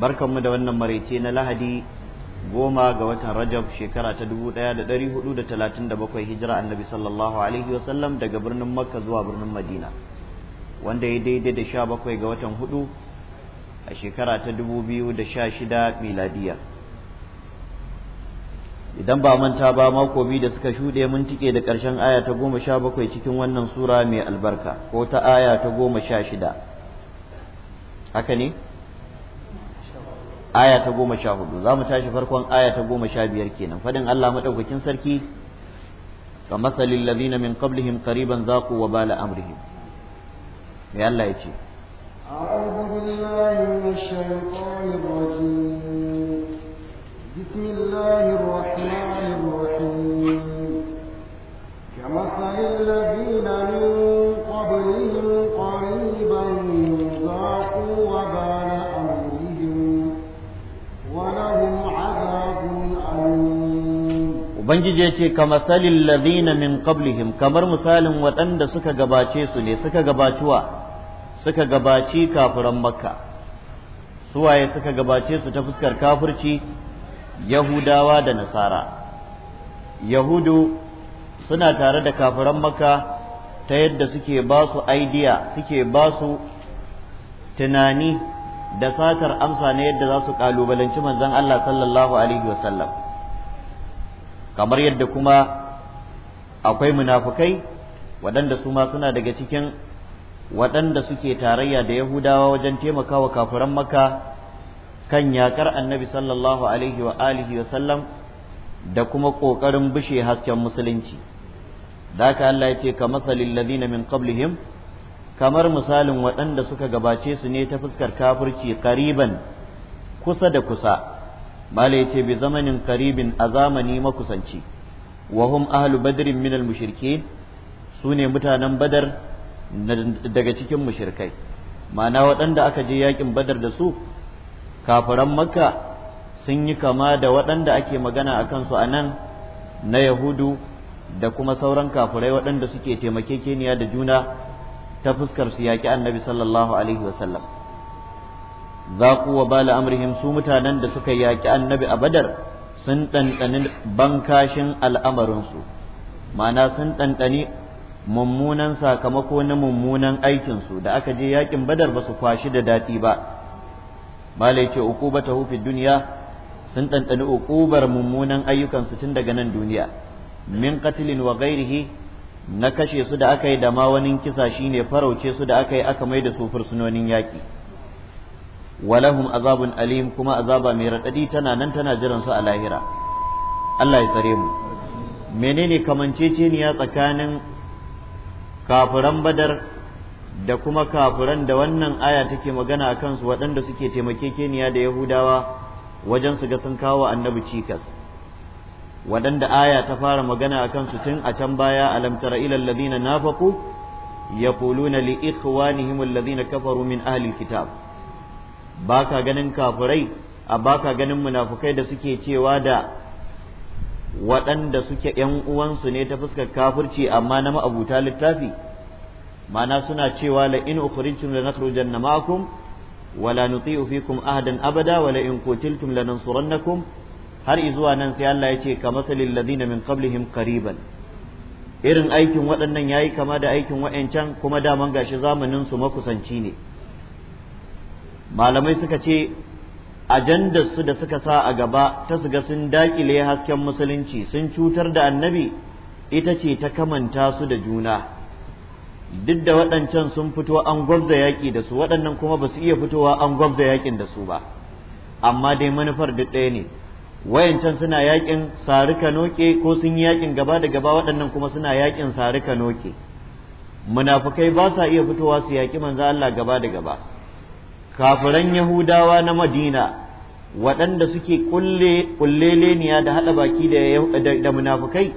barkanmu da wannan maraice na lahadi goma ga watan rajab shekara ta dubu ɗaya da ɗari hudu da talatin da bakwai hijira annabi sallallahu alaihi wasallam daga birnin makka zuwa birnin madina wanda ya daidai da sha bakwai ga watan hudu a shekara ta dubu biyu da sha shida miladiya idan ba manta ba mako biyu da suka shuɗe mun tike da ƙarshen aya ta goma sha bakwai cikin wannan sura mai albarka ko ta aya ta goma sha shida haka ne aya ta goma sha hudu za mu tashi farkon aya ta goma sha biyar kenan faɗin Allah maɗaukakin sarki ka masalin lazina min qablihim kariban zaqu wa bala amrihim me Allah ya ce أعوذ بالله من الشيطان الرجيم ubangiji ya ce kama masalin ladina min qablihim kamar misalin waɗanda suka gabace su ne suka gabaci suka gabaci kafiran makka suwaye suka gabace su ta fuskar kafirci yahudawa da nasara yahudu suna tare da kafiran makka ta yadda suke ba su aidiya suke ba su tunani da satar amsa na yadda za su kalubalanci manzon Allah sallallahu alaihi wasallam kamar yadda kuma akwai munafukai waɗanda su ma suna daga cikin waɗanda suke tarayya da yahudawa wajen taimakawa kafuran maka kan yakar annabi sallallahu alaihi wa alihi wa sallam da kuma ƙoƙarin bushe hasken musulunci da haka Allah ya ce ka masalin ladina min qablihim kamar misalin waɗanda suka gabace su ne ta fuskar kafirci ƙariban kusa da kusa mala yace bi zamanin karibin a zamani makusanci wahum hum ahlu badrin minal mushirki su ne mutanen badar daga cikin mushirkai ma'ana waɗanda aka je yakin badar da su kafiran makka sun yi kama da waɗanda ake magana a kansu a nan na yahudu da kuma sauran kafirai waɗanda suke taimake keniya da juna ta fuskar su yaƙi annabi sallallahu alaihi wasallam zaqu wa bala amrihim su mutanen da suka yaki annabi a badar sun ɗanɗani bankashin al'amarinsu ma'ana sun ɗanɗani mummunan sakamako na mummunan aikinsu da aka je yakin badar ba su kwashi da daɗi ba malai ce ta hufi duniya sun ɗanɗani uƙubar mummunan ayyukansu tun daga nan duniya min katilin wa gairihi na kashe su da aka yi da ma wani kisa shine farauce su da aka yi aka mai da su fursunonin yaƙi walahum azabun alim kuma azaba mai raɗaɗi tana nan tana jiran su a lahira Allah ya tsare mu menene kamanceceniya tsakanin kafuran badar da kuma kafiran da wannan aya take magana a kansu waɗanda suke taimakekeniya da yahudawa wajen su ga sun kawo annabi cikas waɗanda aya ta fara magana a kansu tun a can baya alam tara ilal ladina nafaqu yaquluna li ikhwanihim alladhina kafaru min ahli alkitab ba ka ganin kafirai a ba ka ganin munafukai da suke cewa da waɗanda suke ‘yan uwansu ne ta fuskar kafirci amma na ma'abuta littafi mana suna cewa la in ukhrijtum la nakhrujanna ma'akum wa la nuti'u fikum ahadan abada wa la in qutiltum la nansurannakum har izuwa nan sai Allah ya ce ka masalil ladina min qablihim qariban irin aikin waɗannan yayi kama da aikin wa'ancan kuma daman gashi zamanin su makusanci ne malamai suka ce su da suka sa a gaba ta su ga sun daƙile hasken musulunci sun cutar da annabi ita ce ta kamanta su da juna duk da waɗancan sun fito an gwabza yaƙi da su waɗannan kuma ba su iya fitowa an gwabza yaƙin da su ba amma dai manufar duk ɗaya ne wayancan suna yaƙin sarika noke ko sun yi yaƙin gaba da gaba waɗannan kuma suna yaƙin sarika noke munafukai ba sa iya fitowa su yaƙi manzo Allah gaba da gaba kafiran yahudawa na madina waɗanda suke kulle leniya da haɗa baki da munafukai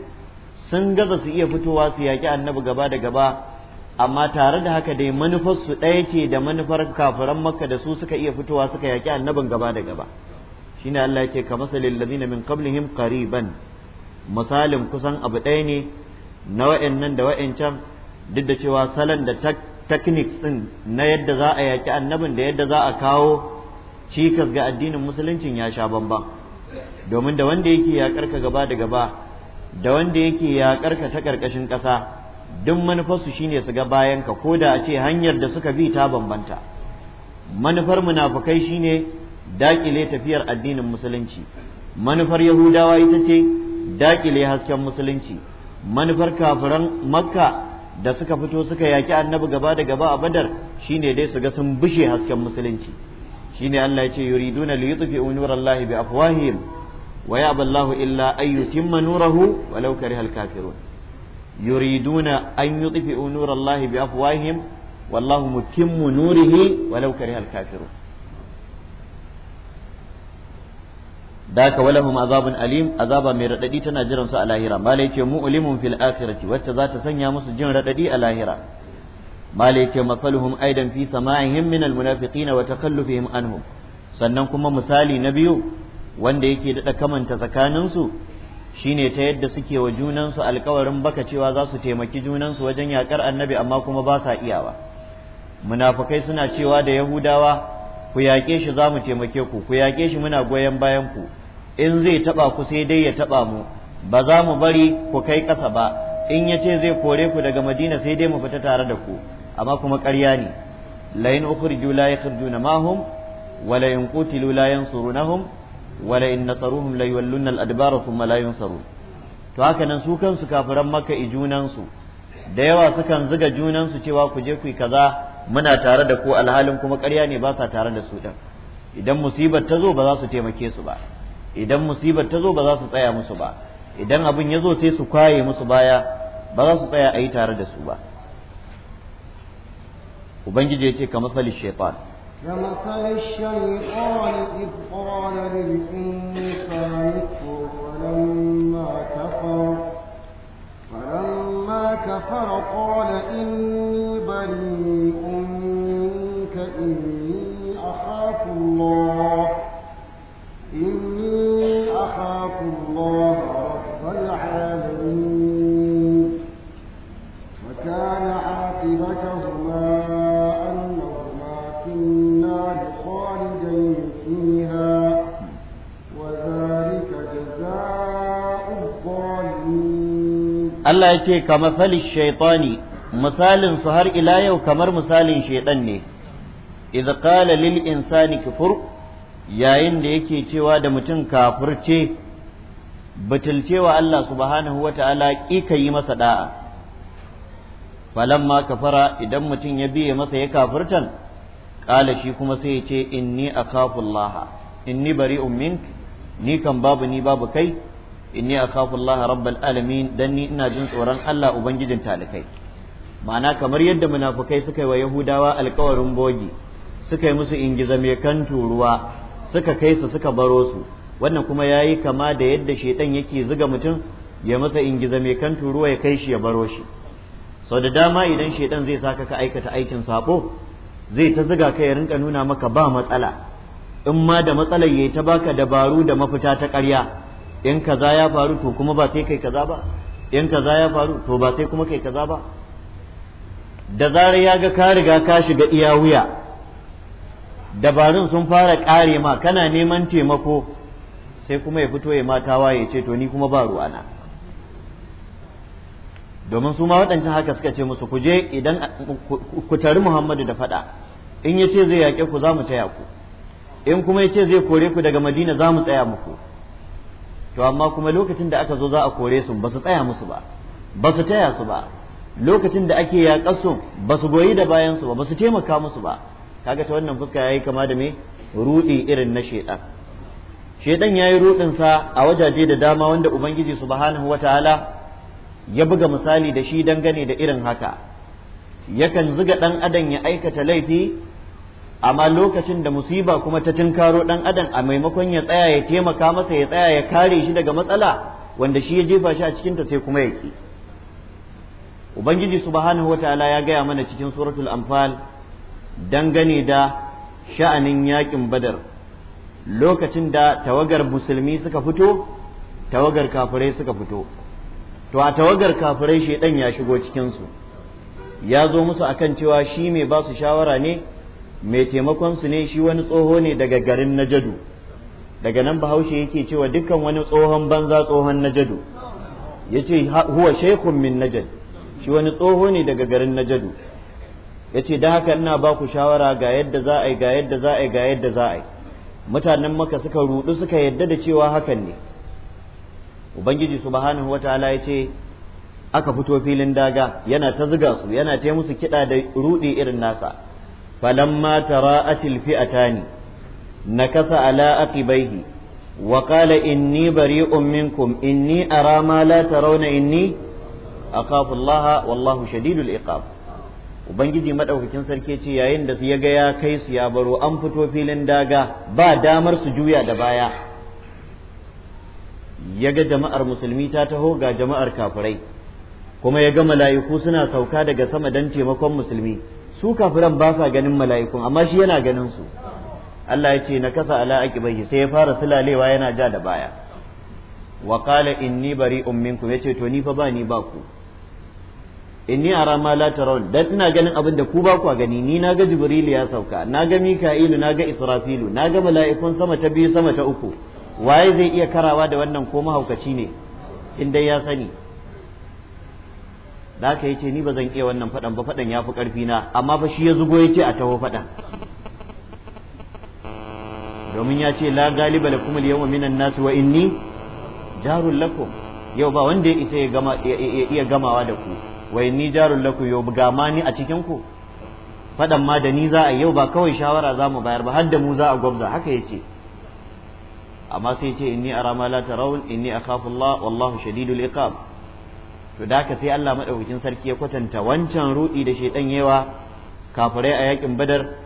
sun gaza su iya fitowa su yaƙi annabi gaba da gaba amma tare da haka dai manufarsu ɗaya ce da manufar kafiran makka da su suka iya fitowa suka yaƙi annabin gaba da gaba shine Allah yake ka masalil na min qablihim qariban misalin kusan abu ɗaya ne na wa'annan da can duk da cewa salon da techniques din na yadda za a yaki annabin da yadda za a kawo cikas ga addinin musuluncin ya sha bamban domin da wanda yake yaƙar ka gaba da gaba da wanda yake yaƙar ka ta karkashin ƙasa duk manufarsu shine su ga bayan ka ko da a ce hanyar da suka bi ta bambanta manufar munafukai shine daƙile tafiyar addinin musulunci manufar yahudawa ita ce daƙile hasken musulunci manufar kafiran makka da suka fito suka yaki annabi gaba da gaba a badar shine dai su ga sun bushe hasken musulunci shine Allah ya ce yuriduna li yutfi'u nurallahi bi afwahihim wa ya'ba illa ay yutimma nurahu walau karihal kafirun yuriduna an yutfi'u nurallahi bi afwahihim wallahu mutimmu nurihi walau karihal kafirun da ka walahum azabun alim azaba mai radadi tana jiran su a lahira malai mu mu'limun fil akhirati wacce za ta sanya musu jin radadi a lahira malai ce masaluhum aidan fi sama'ihim min al munafiqina wa takallufihim anhum sannan kuma misali na biyu wanda yake dada kamanta tsakanin su shine ta yadda suke wa junan su alƙawarin baka cewa za su taimaki junan su wajen yakar annabi amma kuma ba sa iyawa munafukai suna cewa da yahudawa ku yaƙe shi za mu taimake ku ku yaƙe shi muna goyon bayan ku in zai taba ku sai dai ya taba mu ba za mu bari ku kai ƙasa ba in ya ce zai kore ku daga madina sai dai mu fita tare da ku amma kuma ƙarya ne lain ukhriju la yakhrijuna mahum wala in qutilu la yansurunahum wala in nasaruhum la yawallunna adbar thumma la yunsarun to haka nan su kansu kafiran makka ijunan su da yawa sukan zuga junan su cewa ku je ku yi kaza muna tare da ku alhalin kuma ƙarya ne ba sa tare da su din idan musibar ta zo ba za su taimake su ba idan musibar ta zo ba za su tsaya musu ba idan abin ya zo sai su kwaye musu baya ba za su tsaya a yi tare da su ba ubangiji ya ce ka masalin shaitan كمثل الشيطان إذ كفر قال إني بريء منك إني أخاف الله Allah ya ce ka masali shaitani misalin su har ila yau kamar misalin shaitan ne idza qala lil insani kufur yayin da yake cewa da mutum kafirce butulcewa Allah subhanahu wata'ala ka yi masa da'a falamma kafara idan mutum ya biye masa ya kafirtan qala shi kuma sai ya ce inni akhafu Allah inni bari ummin ni kan babu ni babu kai inni a Allah rabbal alamin dan ni ina jin tsoron Allah ubangijin talikai ma'ana kamar yadda munafukai suka yi wa yahudawa alkawarin bogi suka yi musu ingiza mai kan turuwa suka kai su suka baro su wannan kuma yayi kama da yadda shedan yake zuga mutum ya masa ingiza mai kan turuwa ya kai shi ya baro shi sau da dama idan shedan zai saka ka aikata aikin sako zai ta zuga ka ya rinka nuna maka ba matsala in ma da matsalar yayi ta baka dabaru da mafita ta ƙarya in kaza ya faru to kuma ba sai kai kaza ba in kaza ya faru to ba sai kuma kai kaza ba da zarar ya ga ka riga ka shiga iya wuya dabarun sun fara ƙare ma kana neman taimako sai kuma ya fito ya mata waye ce to ni kuma ba ruwana domin su ma waɗancan haka suka ce musu kuje idan ku tari muhammadu da faɗa in ya ce zai yaƙe ku za mu taya ku in kuma ya ce zai kore ku daga madina za mu tsaya muku to amma kuma lokacin da aka zo za a kore su ba su tsaya musu ba ba su taya su ba lokacin da ake yaƙar su ba su goyi da bayan su ba ba su taimaka musu ba kaga ta wannan fuska yayi kama da me ruɗi irin na shedan shedan yayi ruɗin sa a wajaje da dama wanda ubangiji subhanahu wataala ya buga misali da shi dangane da irin haka yakan zuga dan adam ya aikata laifi amma lokacin da musiba kuma ta tunkaro ɗan adam a maimakon ya tsaya ya taimaka masa ya tsaya ya kare shi daga matsala wanda shi ya jefa shi a cikinta ta sai kuma ya ki ubangiji subhanahu wataala ya gaya mana cikin suratul anfal dangane da sha'anin yakin badar lokacin da tawagar musulmi suka fito tawagar kafirai suka fito to a tawagar kafirai shedan ya shigo cikinsu ya zo musu akan cewa shi mai ba su shawara ne mai taimakon su ne shi wani tsoho ne daga garin najadu daga nan bahaushe yake cewa dukkan wani tsohon banza tsohon najadu ce huwa shekun min najad shi wani tsoho ne daga garin najadu ce da haka ina ba ku shawara ga yadda za a yi ga yadda za a yi ga yadda za a yi mutanen maka suka rudu suka yadda da cewa hakan ne ubangiji subhanahu wataala ce aka fito filin daga yana ta zuga su yana ta musu kiɗa da rudi irin nasa فلما تراءت الفئتان نكث على أقبيه وقال إني بريء منكم إني أرى ما لا ترون إني أخاف الله والله شديد العقاب ubangiji madaukakin sarki ce yayin da ya ga ya kai su ya baro an fito filin daga ba damar su juya da baya ya ga jama'ar musulmi ta taho ga jama'ar kafirai kuma ya ga mala'iku suna sauka daga sama don taimakon musulmi su kafiran ba sa ganin mala'ikun amma shi yana ganin su Allah ya ce na kasa ala aqibahi sai ya fara sulalewa yana ja da baya wa qala inni bari'un minkum yace to ni fa ba ni ba ku inni ara ma la tarawun dan ina ganin abin da ku ba ku gani ni na ga jibrilu ya sauka na ga mika'ilu na ga israfilu na ga mala'ikun sama ta biyu sama ta uku waye zai iya karawa da wannan ko mahaukaci ne in dai ya sani da haka yace ni ba zan iya wannan faɗan ba faɗan ya fi karfi na amma fa shi ya zugo yace a taho faɗan. domin ya ce la galiba la al yawma minan nasu. wa inni jarul yau ba wanda ya isa ya gama iya gamawa da ku wa inni jarul lakum yau ga ma ni a cikin ku faɗan ma da ni za a yau ba kawai shawara za mu bayar ba har da mu za a gwabza haka yace amma sai ce inni a ma la tarawun inni akhafu Allah wallahu shadidul iqab to da ka sai Allah madaukakin sarki ya kwatanta wancan rudi da shedan yewa kafirai a yakin badar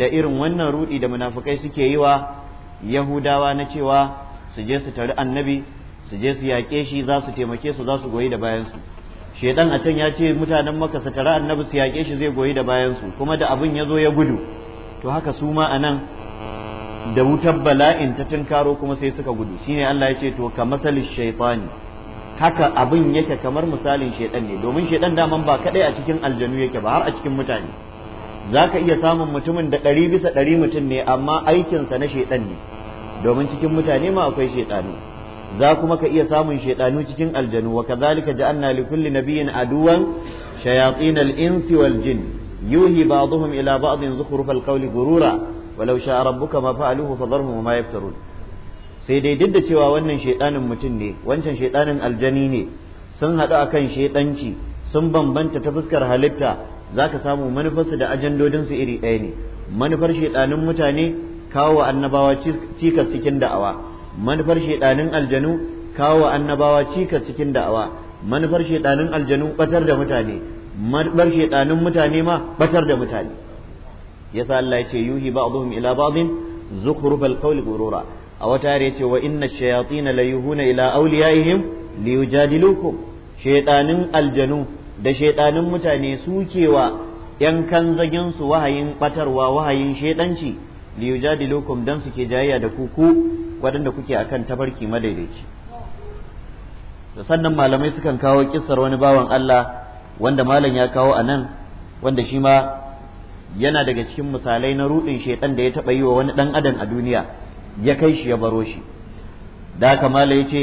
da irin wannan rudi da munafukai suke yi wa yahudawa na cewa su je su tari annabi su je su yaƙe shi za su taimake su za su goyi da bayan su shedan a can ya ce mutanen maka su tari annabi su yaƙe shi zai goyi da bayan su kuma da abin ya zo ya gudu to haka su ma anan da wutar bala'in ta tunkaro kuma sai suka gudu shine Allah ya ce to ka masalin haka abin yake kamar misalin shedan ne domin shaiɗan daman ba kadai a cikin aljanu yake ba har a cikin mutane zaka iya samun mutumin da ɗari bisa ɗari mutum ne amma aikinsa na shedan ne domin cikin mutane ma akwai za kuma ka iya samun shaiɗanu cikin aljanu wa kazalika ja'alna li kulli nabiyyin aduwan shayatin al-insi wal jin yuhi ba'dhum ila ba'dhin zukhrufal qawli gurura walau sha'a rabbuka ma fa'aluhu fadharhum ma yaftarun sai dai duk da cewa wannan shaidanin mutum ne wancan shaidanin aljani ne sun haɗu akan shaidanci sun bambanta ta fuskar halitta zaka samu manufarsu da ajandodinsu iri ɗaya ne manufar shaidanin mutane kawo annabawa cikas cikin da'awa manufar shaidanin aljanu kawo annabawa cikas cikin da'awa manufar shaidanin aljanu batar da mutane manufar shaidanin mutane ma batar da mutane yasa Allah ya ce yuhi ba'dhum ila ba'dhin zukhrufal qawli ghurura a wata yare ce wa inna shayatin la yuhuna ila awliyaihim li yujadilukum shaytanin aljanu da shaytanin mutane suke wa yan kanzagin su wahayin batarwa wahayin shaydanci li yujadilukum dan suke jayya da ku ku wadanda kuke akan tabarki madaidaici da sannan malamai sukan kawo kissar wani bawan Allah wanda malam ya kawo anan wanda shi ma yana daga cikin misalai na rudin shaytan da ya taba yi wa wani dan adam a duniya ya kai shi ya baro shi da kamala ya ce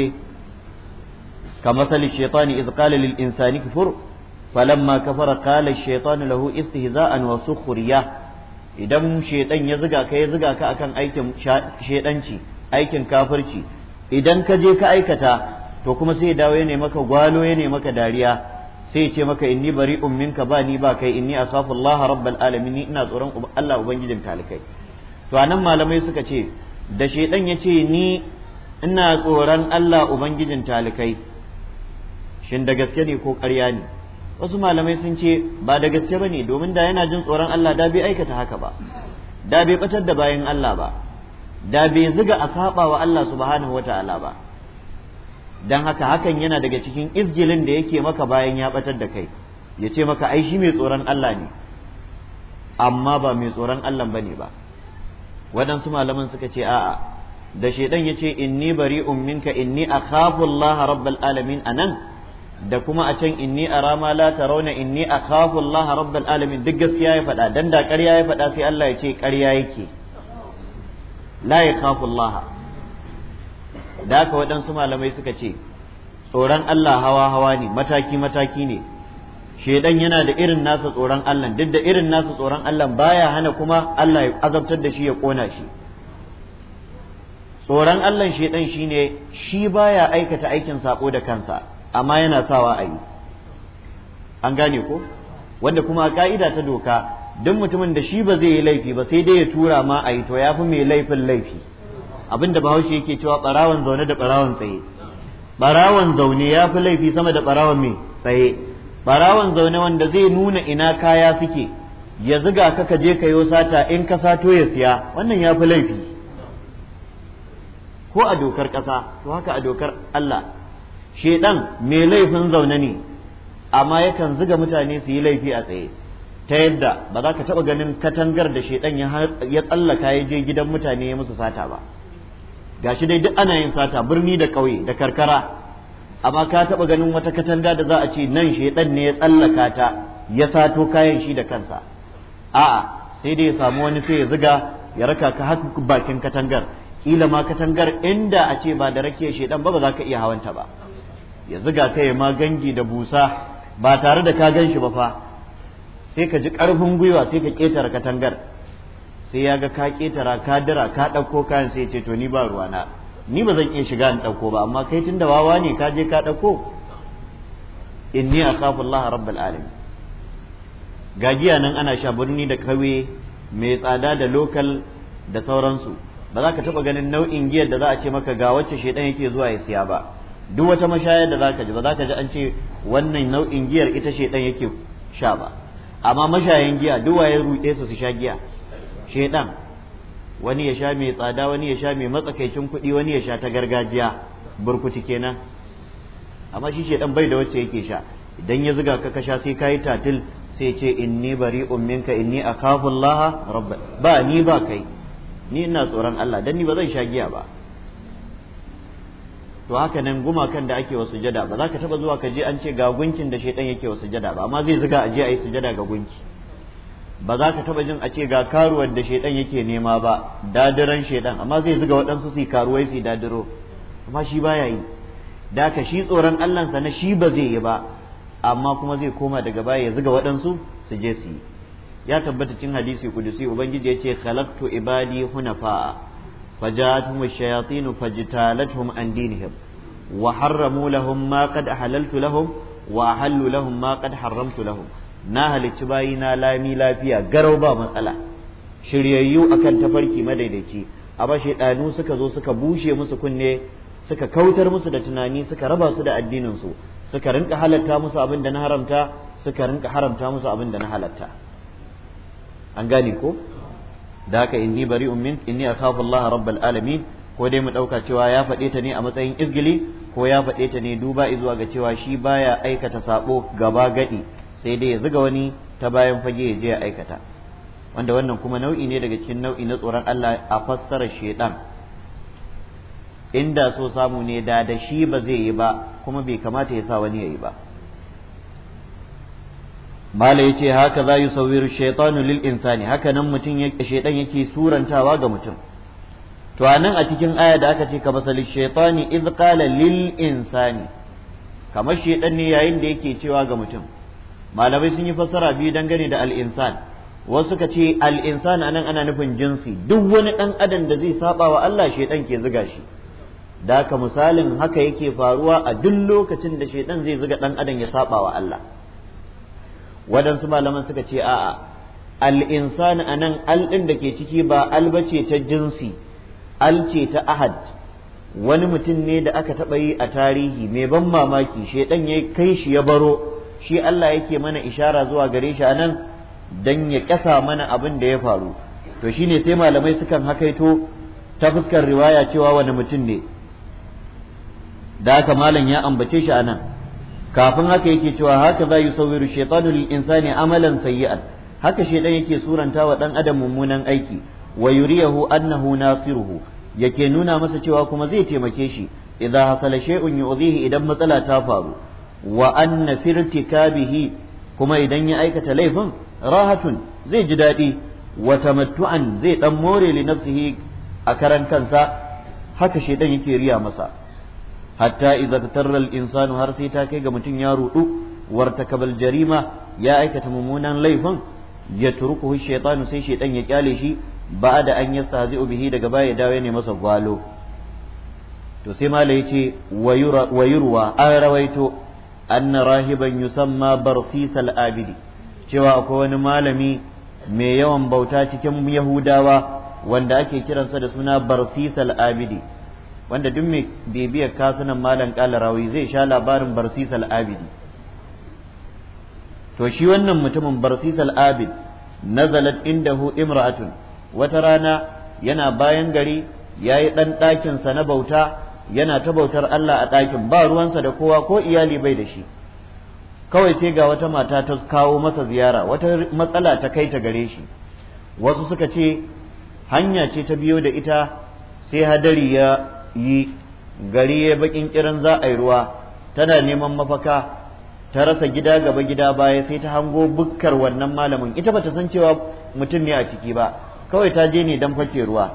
ka masali shaitani iz qala lil insani kufur falamma kafara qala shaitanu lahu istihza'an wa sukhriya idan shaitan ya ziga ka ya ziga ka akan aikin shaidanci aikin kafirci idan ka je ka aikata to kuma sai dawo ya maka gwalo ya maka dariya sai ce maka inni bari'un minka ba ni ba kai inni asafullaha Allah rabbal alamin ina tsoron Allah ubangijin talikai to anan malamai suka ce da shaidan ya ce ni ina tsoron Allah ubangijin talikai shin da gaske ne ko ƙarya ne wasu malamai sun ce ba da gaske ba ne domin da yana jin tsoron Allah da bai aikata haka ba da bai batar da bayan Allah ba da bai ziga a saba wa Allah subhanahu ta'ala ba dan haka hakan yana daga cikin izgilin da yake maka bayan ya batar da kai ya ce maka ai shi mai tsoron Allah ne amma ba mai tsoron Allah bane ba waɗansu malaman suka ce a'a da shaidan ya ce inni bari minka inni a Allah rabbal alamin nan, da kuma a can inni a rama la tarawna inni a Allah rabbal alamin duk gaskiya ya faɗa dan da ƙarya ya faɗa sai Allah ya ce ƙarya yake la yakhafu Allah da haka waɗansu malamai suka ce tsoron Allah hawa hawa ne mataki mataki ne shedan yana da irin nasa tsoron Allah duk da irin nasa tsoron Allah baya hana kuma Allah ya azabtar da shi ya kona shi tsoron Allah shedan shine shi baya aikata aikin sako da kansa amma yana sawa a yi an gane ko wanda kuma a ka'ida ta doka duk mutumin da shi ba zai yi laifi ba sai dai ya tura ma a yi to ya mai laifin laifi abinda bahaushe yake cewa barawan zaune da barawan tsaye barawan zaune ya fi laifi sama da barawan mai tsaye barawan zaune wanda zai nuna ina kaya suke ya ziga ka ka je kayo sata in ka sato ya siya wannan ya fi laifi ko a dokar ƙasa to haka a dokar Allah shedan mai laifin zaune ne amma yakan ziga mutane su yi laifi a tsaye ta yadda ba za ka taɓa ganin katangar da shedan ya tsallaka ya je gidan mutane ya musu sata ba gashi dai duk ana yin sata birni da ƙauye da karkara amma ka taɓa ganin wata katanga da za a ce nan shaidan ne ya tsallaka ta ya sato kayan shi da kansa a'a sai dai ya samu wani sai ya ziga ya raka ka haka bakin katangar kila ma katangar inda a ce ba da rakiyar shaidan ba ba za ka iya hawanta ba ya ziga ka ya magangi da busa ba tare da ka gan shi ba fa sai ka ji ƙarfin gwiwa sai ka ƙetare katangar sai ya ga ka ƙetara ka dira ka ɗauko kayan sai ce to ni ba ruwana ni ba zan iya shiga in ɗauko ba amma kai tun da wawa ne ka je ka ɗauko inni akhafu Allah rabbal alamin gajiya nan ana sha birni da kauye mai tsada da lokal da sauransu ba za ka taɓa ganin nau'in giyar da za a ce maka ga wacce shaidan yake zuwa ya siya ba duk wata mashayar da za ka ji ba za ka ji an ce wannan nau'in giyar ita shaidan yake sha ba amma mashayan giya duk waye ruɗe su su sha giya shaidan wani ya sha mai tsada wani ya sha mai matsakaicin kuɗi wani ya sha ta gargajiya burkutu kenan amma shi shedan bai da wacce yake sha idan ya zuga ka kasha sai kayi tatil sai ce inni bari'un minka inni a Allah Laha. ba ni ba kai ni ina tsoron Allah dan ni ba zan sha giya ba to haka nan gumakan da ake wa sujada ba za ka taba zuwa ka je an ce ga gunkin da shedan yake wa sujada ba amma zai zuga a je a yi sujada ga gunki ba za ka taba jin a ce ga karuwar da shaidan yake nema ba dadiran shaidan amma zai zuga waɗansu su karuwai su dadiro amma shi baya yi da ka shi tsoron allansa na shi ba zai yi ba amma kuma zai koma daga baya ya zuga waɗansu su je su yi ya tabbata cin hadisi kudusi ubangiji ce khalaqtu ibadi hunafa'a. fajatuhum ash-shayatin fajtalathum an dinihim wa harramu lahum ma qad halaltu lahum wa ahallu lahum ma qad harramtu lahum na halicci bayi na lami lafiya garau ba matsala shiryayyu kan tafarki madaidaici amma shaidanu suka zo suka bushe musu kunne suka kautar musu da tunani suka raba su da addinin su suka rinka halatta musu abin da na haramta suka rinka haramta musu abin da na halatta an gane ko da haka inni bari'un min inni akhafu Allah rabbal alamin ko dai mu ɗauka cewa ya faɗe ta ne a matsayin izgili ko ya faɗe ta ne duba zuwa ga cewa shi baya aikata sabo gaba gadi sai dai ya zuga wani ta bayan fage ya je ya aikata wanda wannan kuma nau'i ne daga cikin nau'i na tsoron Allah a fassarar shaidan inda so samu ne da da shi ba zai yi ba kuma bai kamata ya sa wani ya yi ba mala yace haka za yi sauwiru shaitanu lil insani haka nan mutum yake shaidan yake surantawa ga mutum to anan a cikin aya da aka ce ka basali shaitani iz qala lil insani kamar shaidan ne yayin da yake cewa ga mutum malamai sun yi fassara biyu dangane da al'insan insan wasu suka ce al-insan anan ana nufin jinsi duk wani ɗan adam da zai saba wa Allah shedan ke zuga shi da haka misalin haka yake faruwa a duk lokacin da shedan zai zuga dan adam ya saba wa Allah wadansu malaman suka ce a'a al'insan a nan alɗin da ke ciki ba albace ta jinsi alce ta ahad wani mutum ne da aka taɓa yi a tarihi mai ban mamaki shaidan ya kai shi ya baro shi Allah yake mana ishara zuwa gare shi anan dan ya kyasa mana abin da ya faru to shine sai malamai sukan hakaito ta fuskar riwaya cewa wani mutum ne da aka malam ya ambace shi anan kafin haka yake cewa haka za yi sauwiru shaitanu lil insani amalan sayyi'an haka shaitan yake suranta wa dan adam mummunan aiki wa yuriyahu annahu nasiruhu yake nuna masa cewa kuma zai taimake shi idza hasala shay'un yu'dhihi idan matsala ta faru wa anna fi irtikabihi kuma idan ya aikata laifin rahatun zai ji daɗi wa tamattu'an zai dan more li nafsihi a karan kansa haka shedan yake riya masa hatta idza tarra insanu har sai ta kai ga mutum ya rudu wartakabal jarima ya aikata mummunan laifin ya turkuhu shaytanu sai shedan ya kyale shi ba da an yastahzi'u bihi daga baya dawo ne masa gwalo to sai mala yace wayurwa an rawaito anna rahiban yusamma barsis barsisal abidi cewa akwai wani malami mai yawan bauta cikin yahudawa wanda ake kiransa da suna barsisal abidi wanda duk mai bibiyar kasunan malam kalarawi zai sha labarin barsisal abidi to shi wannan mutumin barsis al-abid nazalat hu imra'atun wata rana yana bayan gari yayi ɗan ɗakinsa na bauta yana ta bautar Allah a ɗakin ba ruwansa da kowa ko iyali bai da shi kawai sai ga wata mata ta kawo masa ziyara wata matsala ta kai ta gare shi wasu suka ce hanya ce ta biyo da ita sai hadari ya yi gari ya bakin kiran za a yi ruwa tana neman mafaka ta rasa gida gaba gida baya sai ta hango bukkar wannan malamin ita bata san cewa mutum ne a ciki ba kawai ta je ne don fake ruwa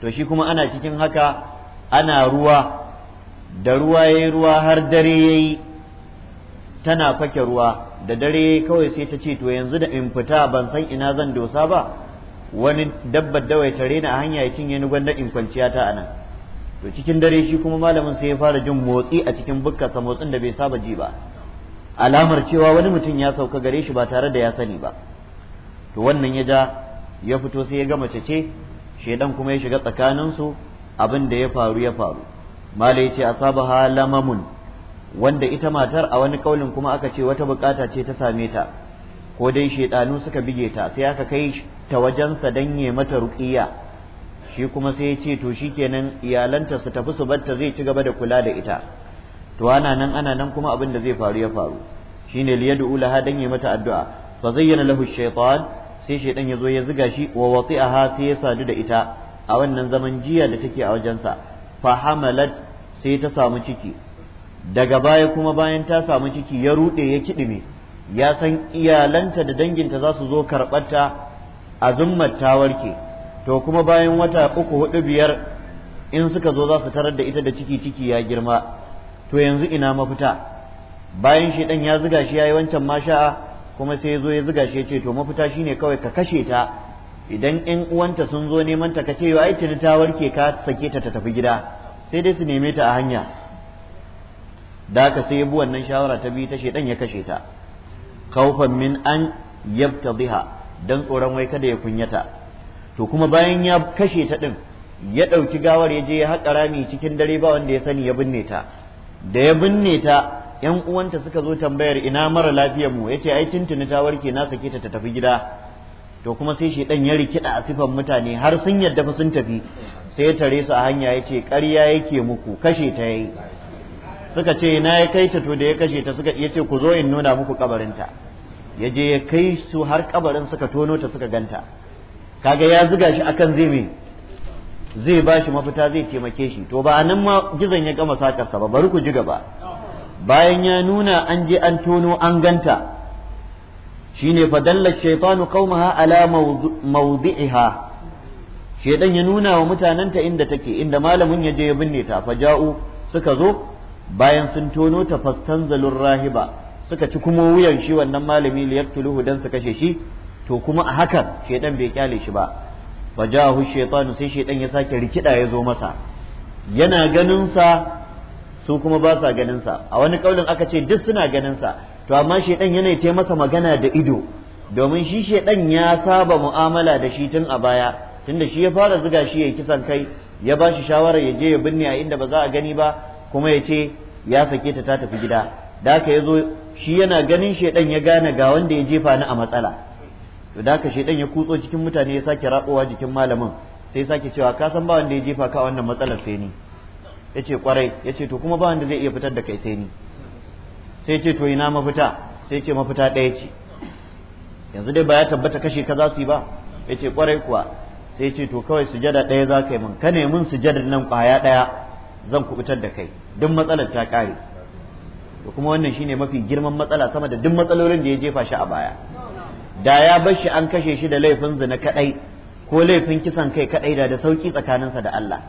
to shi kuma ana cikin haka ana ruwa da ruwa ya ruwa har dare ya yi tana fake ruwa da dare kawai sai ta ce to yanzu da in fita ban san ina zan dosa ba wani dabbar dawai tare a hanya ya cinye ni gwanda in kwanciya ta anan to cikin dare shi kuma malamin sai ya fara jin motsi a cikin bukkarsa motsin da bai saba ji ba alamar cewa wani mutum ya sauka gare shi ba tare da ya sani ba to wannan ya ja ya fito sai ya ga mace ce shedan kuma ya shiga tsakaninsu abin da ya faru ya faru mala yace asabaha halamamun. wanda ita matar a wani kaulin kuma aka ce wata bukata ce ta same ta ko dai shedanu suka bige ta sai aka kai ta wajensa dan ya mata ruqiya shi kuma sai ya ce to shikenan iyalanta su tafi su batta zai ci gaba da kula da ita to ana nan ana nan kuma abin da zai faru ya faru shine liyad'u laha dan ya mata addu'a fa zayyana lahu shaytan sai shaidan ya zo ya ziga shi wa wati'aha sai ya sadu da ita a wannan zaman jiya da take a wajensa fa hamalat sai ta samu ciki daga baya kuma bayan ta samu ciki ya rude ya kidime, ya san iyalanta da danginta za su zo karɓarta a zummar ta warke to kuma bayan wata uku hudu biyar in suka zo za su tarar da ita da ciki ciki ya girma to yanzu ina mafita bayan shi dan ya ziga shi ya wancan masha'a kuma sai ya zo ya zuga shi ya ce to mafita shine kawai ka kashe ta idan ƴan uwanta sun zo neman ta kace yau ai tuni ta warke ka sake ta ta tafi gida sai dai su neme ta a hanya da ka sai yabu wannan shawara ta biyu ta shedan ya kashe ta kaufan min an yabtadhiha dan tsoron wai kada ya kunyata to kuma bayan ya kashe ta din ya ɗauki gawar ya je ya haƙa rami cikin dare ba wanda ya sani ya binne ta da ya binne ta yan uwanta suka zo tambayar ina mara lafiyar mu yace ai tuntuni ta warke na sake ta ta tafi gida to kuma sai shi ɗan ya rikida a sifan mutane har sun yadda fa sun tafi sai ya tare su a hanya ya ce ƙarya yake muku kashe ta yayi suka ce na ya kai ta to da ya kashe ta suka iya ce ku zo in nuna muku kabarinta ya je ya kai su har kabarin suka tono ta suka ganta kaga ya zuga shi akan zai me zai ba shi mafita zai taimake shi to ba nan ma gizon ya gama sakarsa ba bari ku ji gaba bayan ya nuna an je an tono an ganta shine fa dalla shaytanu qaumaha ala mawdi'iha shedan ya nuna wa mutanenta inda take inda malamin ya je ya binne ta fa ja'u suka zo bayan sun tono ta zalun rahiba suka ci kuma wuyan shi wannan malami liyaktuluhu dan su kashe shi to kuma a hakan shedan bai kyale shi ba fa ja'u shaytanu sai shedan ya sake rikida ya zo masa yana ganin sa su kuma ba sa ganin sa a wani kaulin aka ce duk suna ganin sa to amma shedan yana yi masa magana da ido domin shi shedan ya saba mu'amala da shi tun a baya tunda shi ya fara zuga shi ya kisan kai ya ba shi shawarar ya je ya binne a inda ba za a gani ba kuma ya ce ya sake ta ta tafi gida da haka ya shi yana ganin shedan ya gane ga wanda ya jefa ni a matsala to da haka shedan ya kutso cikin mutane ya sake rabowa jikin malamin sai sake cewa ka san ba wanda ya jefa ka wannan matsalar sai ni yace kwarai yace to kuma ba wanda zai iya fitar da kai sai ni sai ce to ina mafita sai ce mafita ɗaya ce yanzu dai ba ya tabbata kashe ka za su yi ba ya ce kwarai kuwa sai ce to kawai sujada ɗaya za ka yi min ka mun sujada nan ƙwaya ɗaya zan kubutar da kai duk matsalar ta kare. to kuma wannan ne mafi girman matsala sama da duk matsalolin da ya jefa shi a baya da ya bar shi an kashe shi da laifin zina kaɗai ko laifin kisan kai kaɗai da da sauki tsakaninsa da Allah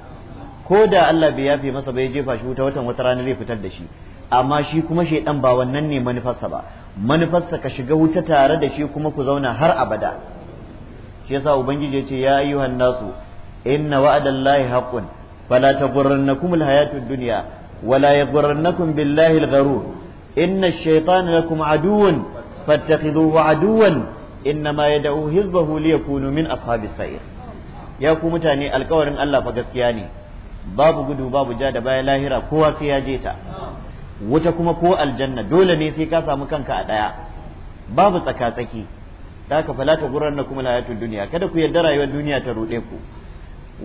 ko da Allah bai yafe masa bai jefa shi wuta watan wata rana zai fitar da shi amma shi kuma shaidan ba wannan ne manufarsa ba manufarsa ka shiga wuta tare da shi kuma ku zauna har abada shi yasa ubangiji ya ce ya ayyuhan nasu inna wa'adallahi haqqun fala taghurrannakum alhayatud dunya wala yaghurrannakum billahi algharur inna ash-shaytana lakum aduwwun fattakhidhuhu aduwwan innama yad'u hizbahu liyakunu min ashabis sa'ir ya ku mutane alkawarin Allah fa gaskiya ne babu gudu babu ja da bayan lahira kowa sai ya je ta wuta kuma ko aljanna dole ne sai ka samu kanka a ɗaya babu tsaka-tsaki da ka fala ta gurran kuma duniya kada ku yarda rayuwar duniya ta ruɗe ku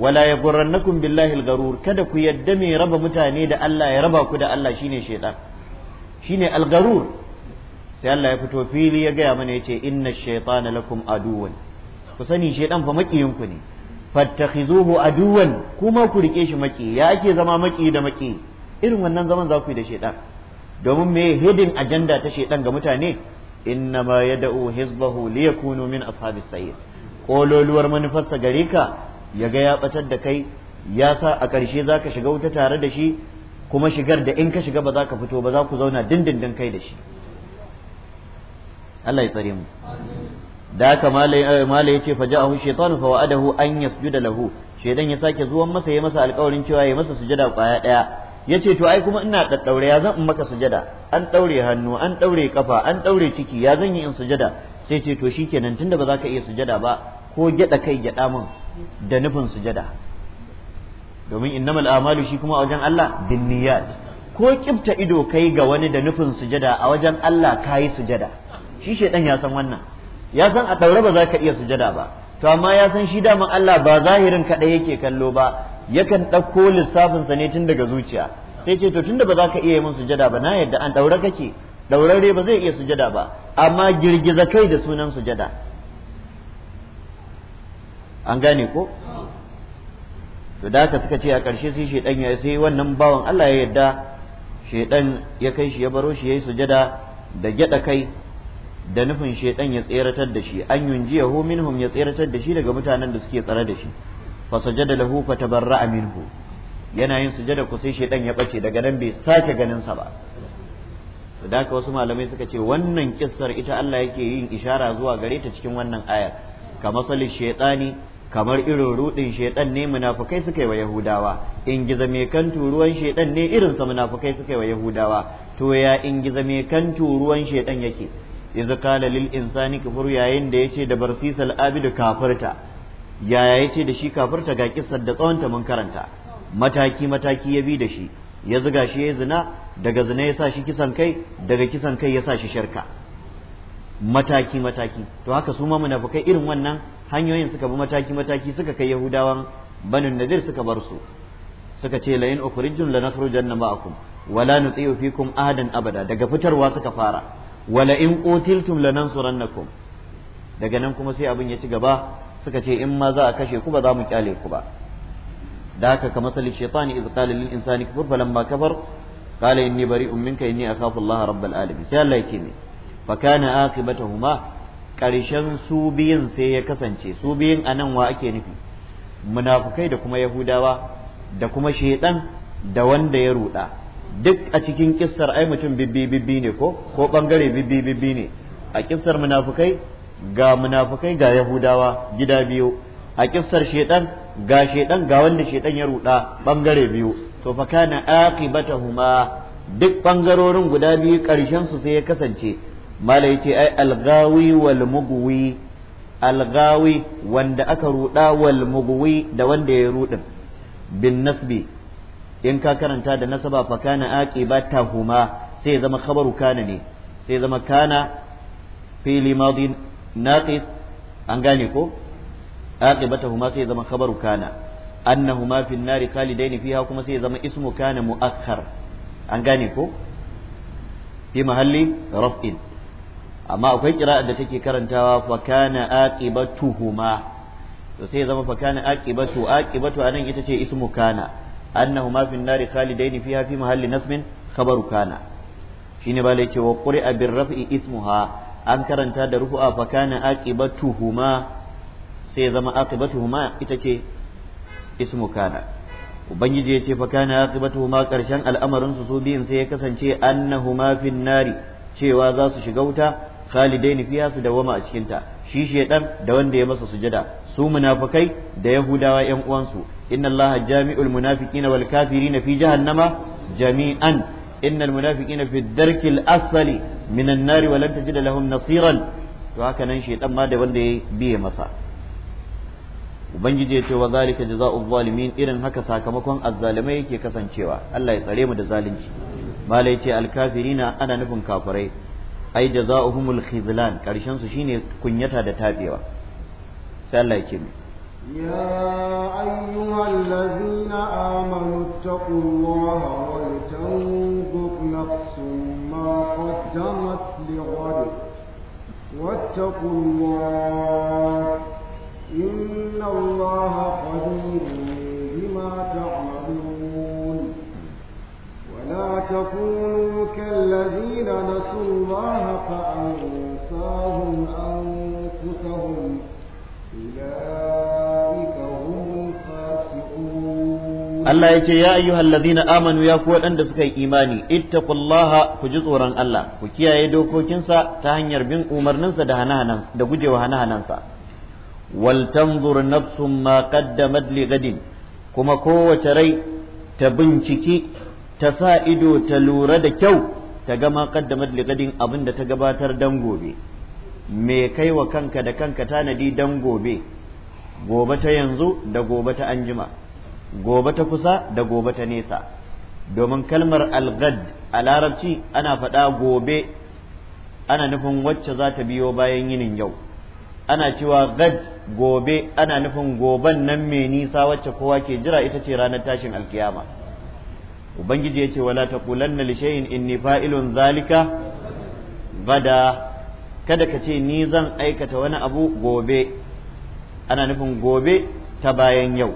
wala ya gurrannakum billahi al kada ku yarda mai raba mutane da Allah ya raba ku da Allah shine shaitan shine al sai Allah ya fito fili ya gaya mana yace inna shaitana lakum aduwan ku sani shaitan fa makiyin ku ne fattakhizuhu aduwan kuma ku rike shi maki ya ake zama maki da maki irin wannan zaman za ku yi da shaidan domin me hidin ajanda ta shaidan ga mutane inna ma yad'u hizbahu liyakunu min ashabis sa'ir kololuwar manufarsa gare ka ya ga ya batar da kai ya sa a ƙarshe za ka shiga wuta tare da shi kuma shigar da in ka shiga ba za ka fito ba za ku zauna dindindin kai da shi Allah ya tsare mu da haka mala ya ce faja'ahu shaytanu fa wa'adahu an yasjuda lahu Shaidan ya sake zuwan masa ya masa alƙawarin cewa ya masa sujada kwaya ɗaya. ya ce to ai kuma ina ɗaɗɗaure ya zan in maka sujada an ɗaure hannu an ɗaure kafa an ɗaure ciki ya zan yi in sujada sai ce to shi kenan tunda ba za ka iya sujada ba ko gyaɗa kai gyaɗa min da nufin sujada domin na amalu shi kuma a wajen Allah bin niyyat ko kibta ido kai ga wani da nufin sujada a wajen Allah kayi sujada shi shaidan ya san wannan ya san a ɗaure ba za ka iya sujada ba to amma ya san shi daman Allah ba zahirin kaɗai yake kallo ba yakan ɗauko lissafinsa ne tun daga zuciya sai ce to tun da ba za ka iya yin sujada ba na yadda an ɗaure kake ɗaurare ba zai iya sujada ba amma girgiza kai da sunan sujada an gane ko to da haka suka ce a ƙarshe sai shaidan ya sai wannan bawan Allah ya yadda shaidan ya kai shi ya baro shi yayi sujada da gyada kai da nufin shaidan ya tseratar da shi an yunjiyahu minhum ya tseratar da shi daga mutanen da suke tsare da shi fa sajada lahu fa tabarra'a minhu yana yin sujada ku sai shedan ya bace daga nan bai sake ganin sa ba to da wasu malamai suka ce wannan kissar ita Allah yake yin ishara zuwa gare ta cikin wannan ayar kamar salin shaytani kamar irin rudin shaidan ne munafukai suka yi wa yahudawa in giza mai kan turuwan shaidan ne irin sa munafukai suka yi wa yahudawa to ya in giza mai kan turuwan shaidan yake iz kala lil insani kufur yayin da yace da barsisal abidu kafirta yaya ya ce da shi kafirta ga kissar da tsawonta mun karanta mataki mataki ya bi da shi ya zuga shi ya zina daga zina ya sa shi kisan kai daga kisan kai ya sa shi shirka mataki mataki to haka su ma munafikai irin wannan hanyoyin suka bi mataki mataki suka kai yahudawan banin nadir suka bar su suka ce la in ukhrijum lanakhrujanna ma'akum wala nuti'u fikum ahadan abada daga fitarwa suka fara wala in qutiltum lanansurannakum daga nan kuma sai abin ya ci gaba suka ce in ma za a kashe ku ba za mu kyale ku ba da haka ka masali shaitani iz qala lil insani kufur falamma kafar qala inni bari'un minka inni akhafu Allah rabbal alamin sai Allah yake me fa kana aqibatahuma karshen su biyun sai ya kasance su biyin anan wa ake nufi munafukai da kuma yahudawa da kuma shaitan da wanda ya ruda duk a cikin kissar ai mutum bibbi bibbi ne ko ko bangare bibbi bibbi ne a kissar munafukai ga munafukai ga yahudawa gida biyu a kissar shedan ga shedan ga wanda shedan ya ruda bangare biyu to fa kana aqibatahuma duk bangarorin guda biyu karshen su sai ya kasance malai yace ai algawi wal mugwi algawi wanda aka ruda wal mugwi da wanda ya ruda bin nasbi in ka karanta da nasaba fa kana aqibatahuma sai zama khabaru kana ne sai zama kana fili madin naqis akwai kira'a da take karantawa fa kana aqibatuhuma to sai zama fa shine raf'i an karanta da ruhu a kana aqibatuhuma sai zama aqibatuhuma ita ce ismu kana ubangiji ya ce fa aqibatuhuma karshen al'amarin su biyun sai ya kasance annahuma fin nari cewa za su shiga wuta khalidain fiha su dawama a cikin ta shi shedan da wanda ya masa sujada su munafikai da yahudawa yan uwansu inna allaha jami'ul munafiqina wal kafirina fi jahannama jami'an innal munafiqina fi ad asfali minan nari wa lan tajida lahum to haka nan shi shaytan ma da wanda ya biye masa ubangiji ya ce wa zalika jazaa'u zalimin irin haka sakamakon azzalimai yake kasancewa Allah ya tsare mu da zalunci malai ce alkafirina ana nufin kafirai ai jazaohumul khizlan karshen su shine kunyata da tabewa sai ya ce mu يا أيها الذين آمنوا اتقوا الله ولتنظر نفس قدمت لغد واتقوا الله إن الله قدير بما تعملون ولا تكونوا كالذين نسوا الله فأنساهم أنفسهم Allah ya ce ya ayyuhal ladina amanu ya ku waɗanda suka yi imani ittaqullaha ku ji tsoron Allah ku kiyaye dokokinsa ta hanyar bin umarninsa da da gujewa hana-hanansa wal tanzur nafsum ma qaddamat li gadin kuma kowace rai ta binciki ta sa ido ta lura da kyau ta ga ma qaddamat li gadin abin da ta gabatar dan gobe me kai wa kanka da kanka tanadi dan gobe gobe ta yanzu da gobe ta anjima gobe ta kusa da gobe ta nesa domin kalmar algad a larabci ana faɗa gobe ana nufin wacce za ta biyo bayan yinin yau ana cewa gad gobe ana nufin goben nan mai nisa wacce kowa ke jira ita ce ranar tashin alkiyama ubangiji ya ce wala taqulanna li shay'in inni fa'ilun zalika Bada. kada ka ce ni zan aikata wani abu gobe ana nufin gobe ta bayan yau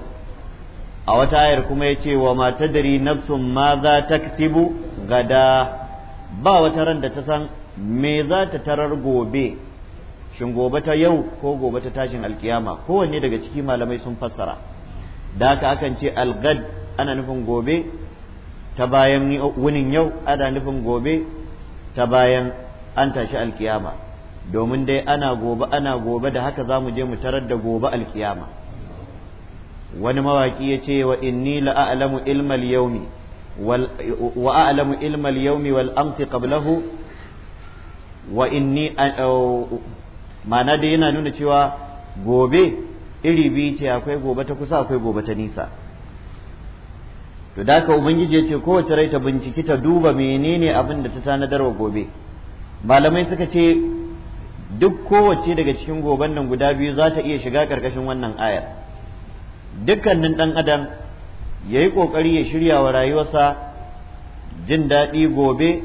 a wata ayar kuma ya ce wa ma dari nafsun ma za ta kasibu gada ba wata ran da ta san me za ta tarar gobe shin gobe ta yau ko gobe ta tashin alkiyama kowanne daga ciki malamai sun fassara da aka akan ce algad ana nufin gobe ta bayan wunin yau ana nufin gobe ta bayan an tashi alkiyama domin dai ana gobe ana gobe da haka za mu je mu tarar da gobe alkiyama wani mawaki ya ce wa inni la'alamu ilmal yaumi wa a'lamu ilmal yaumi wal amsi qablahu wa inni ma'ana da yana nuna cewa gobe iri biyu ce akwai gobe ta kusa akwai gobe ta nisa to da ka ubangiji ya ce kowace rai ta binciki ta duba menene abin da ta tanadar wa gobe malamai suka ce duk kowace daga cikin goben nan guda biyu za ta iya shiga karkashin wannan ayar dukkanin ɗan adam ya yi ƙoƙari ya shirya wa rayuwarsa jin daɗi gobe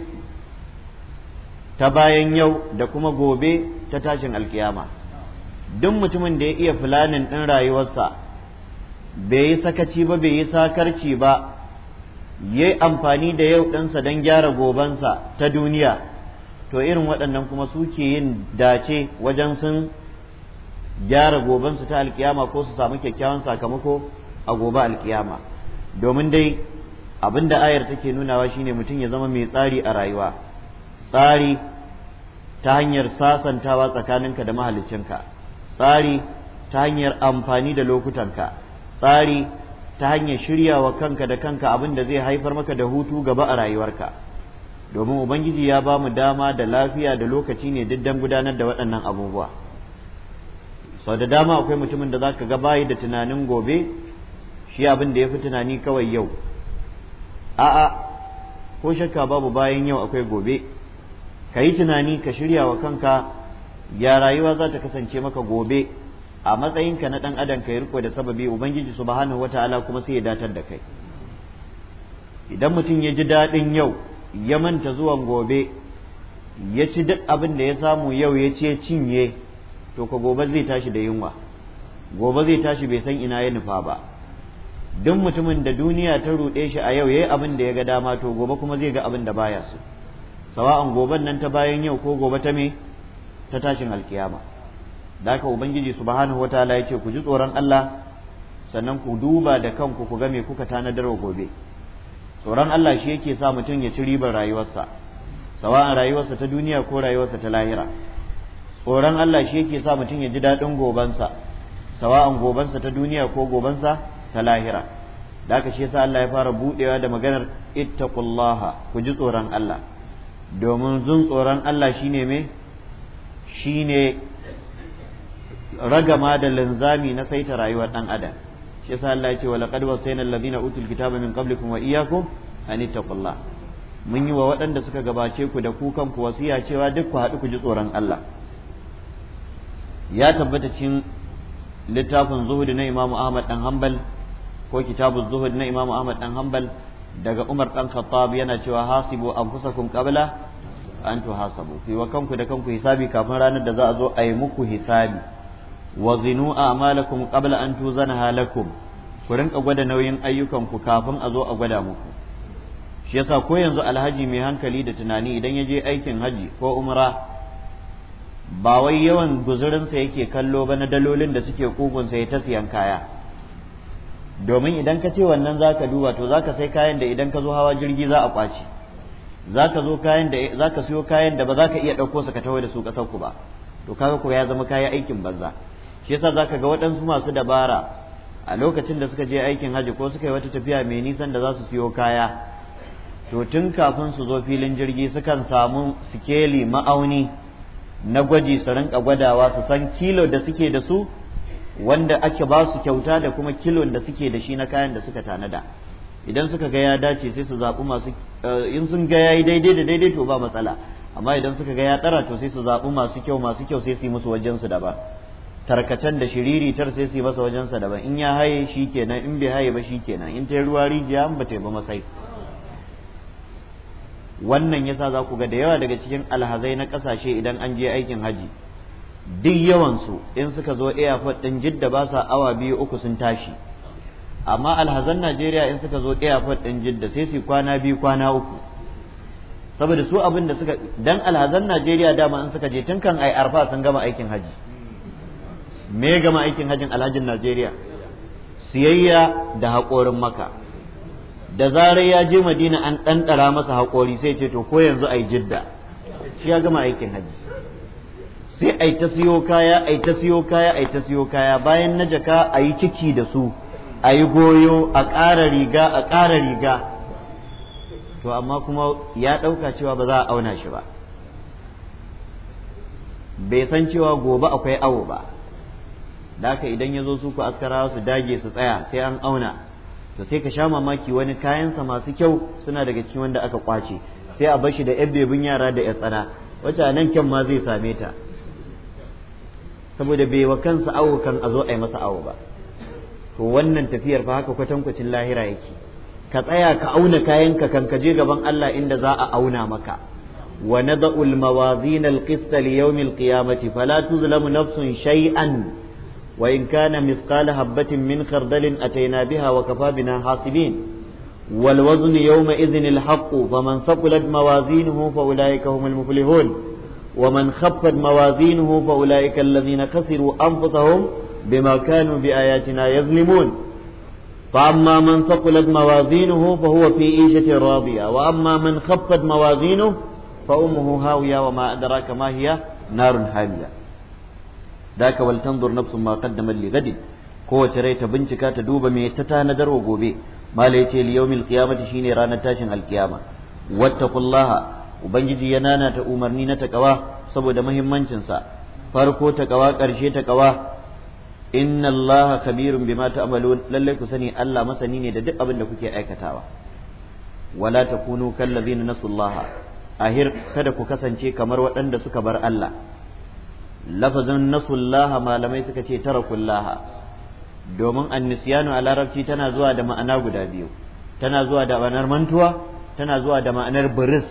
ta bayan yau da kuma gobe ta tashin alkiyama duk mutumin da ya iya filanin ɗin rayuwarsa bai yi sakaci ba bai yi sakarci ba ya yi amfani da yau ɗansa don gyara gobensa ta duniya to irin waɗannan kuma suke yin dace wajen sun gyara gobensu ta alkiyama ko su samu kyakkyawan sakamako a gobe alkiyama domin dai abin da ayar take nunawa shine mutum ya zama mai tsari a rayuwa tsari ta hanyar sasantawa tsakaninka da mahaliccinka tsari ta hanyar amfani da lokutanka tsari ta hanyar shirya wa kanka da kanka abin da zai haifar maka da hutu gaba a rayuwarka domin ubangiji ya ba mu dama da lafiya da lokaci ne diddan gudanar da waɗannan abubuwa sau da dama akwai mutumin da za ka ga bayi da tunanin gobe shi abin da ya fi tunani kawai yau a'a ko shakka babu bayan yau akwai gobe ka yi tunani ka shirya wa kanka ya rayuwa za ta kasance maka gobe a matsayinka na ɗan adam ka yi riko da sababi ubangiji su wata ala kuma sai ya datar da kai idan mutum ya ji daɗin yau ya manta zuwan gobe ya ci duk abin da ya samu yau ya ce cinye to ka gobe zai tashi da yunwa gobe zai tashi bai san ina ya nufa ba duk mutumin da duniya ta ruɗe shi a yau yayi abin da ya ga dama to gobe kuma zai ga abin da baya so sawa'an goben nan ta bayan yau ko gobe ta me ta tashin alkiyama da haka ubangiji subhanahu wataala ya ce ku ji tsoron Allah sannan ku duba da kanku ku ga me kuka tanadar wa gobe tsoron Allah shi yake sa mutum ya ci ribar rayuwarsa sawa'an rayuwarsa ta duniya ko rayuwarsa ta lahira tsoron Allah shi yake sa mutum ya ji daɗin gobansa sawa'an gobansa ta duniya ko gobansa ta lahira da aka shi yasa Allah ya fara buɗewa da maganar ittaqullaha ku ji tsoron Allah domin zun tsoron Allah shine me shine ragama da linzami na saita rayuwar ɗan adam shi yasa Allah ya ce walaqad wasayna alladhina utul kitaba min qablikum wa iyyakum an ittaqullah mun yi wa waɗanda suka gabace ku da ku kanku wasiya cewa duk ku haɗu ku ji tsoron Allah ya tabbata cin littafin zuhud na Imam Ahmad dan Hanbal ko kitabuz zuhud na Imam Ahmad dan Hanbal daga Umar dan Khattab yana cewa hasibu anfusakum qabla an tuhasabu fi wa kanku da kanku hisabi kafin ranar da za a zo a yi muku hisabi wa zinu a'malakum qabla an tuzana halakum ku rinka gwada nauyin ayyukanku kafin a zo a gwada muku shi yasa ko yanzu alhaji mai hankali da tunani idan ya je aikin haji ko umra ba wai yawan guzurinsa yake kallo ba na dalolin da suke kugunsa ya ta siyan kaya domin idan ka ce wannan za ka duba to za ka sai kayan da idan ka zo hawa jirgi za a kwace za ka zo kayan da za siyo kayan da ba za ka iya ɗauko su ka tawo da su ƙasar ku ba to kaga ko ya zama kayan aikin banza shi yasa za ka ga waɗansu masu dabara a lokacin da suka je aikin hajji ko suka yi wata tafiya mai nisan da za su siyo kaya to tun kafin su zo filin jirgi sukan samu sikeli ma'auni na gwaji su rinka gwadawa su san kilo da suke da su wanda ake ba su kyauta da kuma kilon da suke da shi na kayan da suka tanada idan suka ga ya dace sai su zaɓi masu eh, in sun ga yayi daidai da daidai to ba matsala amma idan suka ga ya tsara to sai su zaɓi masu kyau masu kyau sai su yi musu wajensu daban tarkacen da shiriri tar sai su yi masa wajensa daban in ya haye shi kenan in bai haye ba shi kenan in ta ruwa rijiya ba ta ba masai wannan yasa za ku ga da yawa daga cikin alhazai na ƙasashe idan an je aikin haji duk yawansu in suka zo airport ɗin jidda ba sa awa biyu uku sun tashi amma alhazan najeriya in suka zo airport ɗin jidda sai su kwana biyu kwana uku saboda su abin da suka dan alhazan najeriya dama in suka je tun kan ai arfa sun gama aikin haji me gama aikin hajin alhajin najeriya siyayya da haƙorin maka da zarar ya je madina an ɗanɗara masa haƙori sai ce to ko yanzu a yi jidda shi ya gama aikin hajji sai a yi ta siyo kaya a yi ta siyo kaya a yi ta siyo kaya bayan na jaka a yi ciki da su a yi goyo a ƙara riga a ƙara riga to amma kuma ya ɗauka cewa ba za a auna shi ba bai san cewa gobe akwai awo ba da haka idan ya zo su ku askara su dage su tsaya sai an auna to sai ka sha mamaki wani kayansa masu kyau suna daga cikin wanda aka kwace sai a bashi da yan bebin yara da yan tsana wacce nan kyan ma zai same ta saboda bai wa kansa awo kan a zo a yi masa awo ba to wannan tafiyar fa haka kwatankwacin lahira yake ka tsaya ka auna kayanka kan ka je gaban Allah inda za a auna maka wa nada'u mawazinal mawazin al-qist li yawm al-qiyamati fala tuzlamu nafsun shay'an وإن كان مثقال هبة من خردل أتينا بها وكفى بنا حاسبين والوزن يومئذ الحق فمن ثقلت موازينه فأولئك هم المفلحون ومن خفت موازينه فأولئك الذين خسروا أنفسهم بما كانوا بآياتنا يظلمون فأما من ثقلت موازينه فهو في عيشة راضية وأما من خفت موازينه فأمه هاوية وما أدراك ما هي نار حامية daka wal tanzur nafsun ma qaddamat li gadin kowace rai ta bincika ta duba me ta tanadar wa gobe mala yace li yawmil qiyamati shine ranar tashin alkiyama wattaqullaha ubangiji ya ta umarni na takawa saboda muhimmancin sa farko takawa karshe takawa inna allaha kabirun bima ta'malun lalle ku sani Allah masani ne da duk abin da kuke aikatawa wala takunu kallazina nasullaha ahir kada ku kasance kamar waɗanda suka bar Allah lafazin nasullaha malamai suka ce tara kullaha, domin annisiyanu a larabci tana zuwa da ma'ana guda biyu tana zuwa da ma'anar mantuwa tana zuwa da ma'anar biris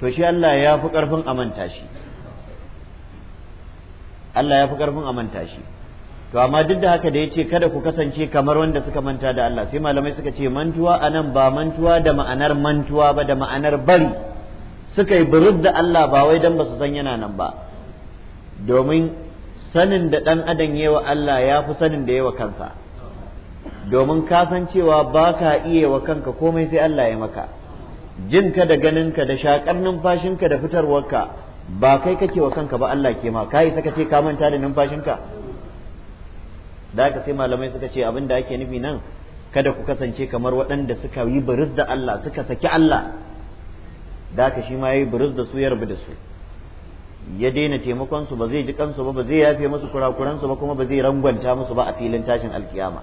to shi Allah ya fi ƙarfin amanta shi Allah ya fi ƙarfin amanta shi to amma duk da haka da ya ce kada ku kasance kamar wanda suka manta da Allah sai malamai suka ce mantuwa a nan ba mantuwa da ma'anar mantuwa ba da ma'anar bari suka yi biris da Allah ba wai dan ba su san yana nan ba domin sanin da ɗan adam wa Allah ya fi sanin da wa kansa domin ka cewa ba ka iya wa kanka komai sai Allah ya maka Jin ka da ganin ka da shakar numfashinka da fitarwarka ba kai kake wa kanka ba Allah ke ma ka yi saka ka manta da numfashinka da haka sai malamai suka ce abin da ake nufi nan kada ku kasance kamar waɗanda suka yi buruz da Allah suka saki Allah da haka shi ma yi buruz da su ya rabu da su ya daina taimakon su ba zai ji kansu ba ba zai yafe musu kurakuran su ba kuma ba zai rangwanta musu ba a filin tashin alkiyama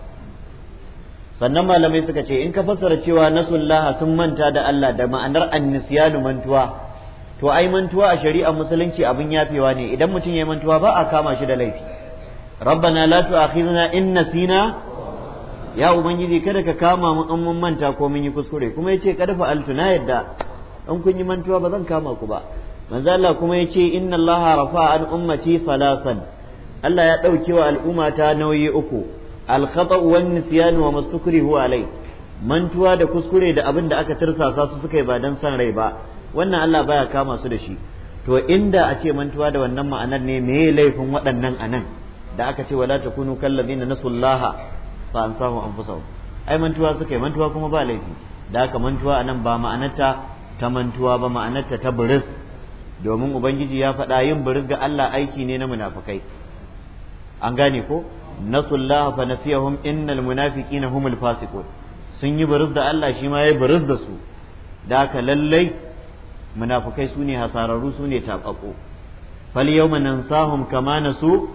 sannan malamai suka ce in ka fassara cewa nasullaha sun manta da Allah da ma'anar annisyanu mantuwa to ai mantuwa a shari'ar musulunci abin yafewa ne idan mutum ya mantuwa ba a kama shi da laifi rabbana la tu'akhidna in nasina ya ubangiji kada ka kama mu in mun manta ko mun yi kuskure kuma yace kada fa na yadda in kun yi mantuwa ba zan kama ku ba manzo Allah kuma yace inna Allah rafa an ummati salasan Allah ya dauke wa al'umma ta nauyi uku al khata wa nisyan wa huwa alai mantuwa da kuskure da abin da aka tirsasa su suka yi ba dan san rai ba wannan Allah baya kama su da shi to inda a ce mantuwa da wannan ma'anar ne me laifin waɗannan anan da aka ce wala takunu kallazina nasullaha fa ansahu anfusahum ai mantuwa suka yi mantuwa kuma ba laifi da aka mantuwa anan ba ma'anarta ta mantuwa ba ma'anarta ta buris domin ubangiji ya faɗa yin buris ga Allah aiki ne na munafukai an gane ko nasullaha fa nasiyahum innal munafiqina humul fasiqun sun yi buris da Allah shi ma yayi da su da ka lallai su ne hasararru su ne tabako fal yawma nansahum kama nasu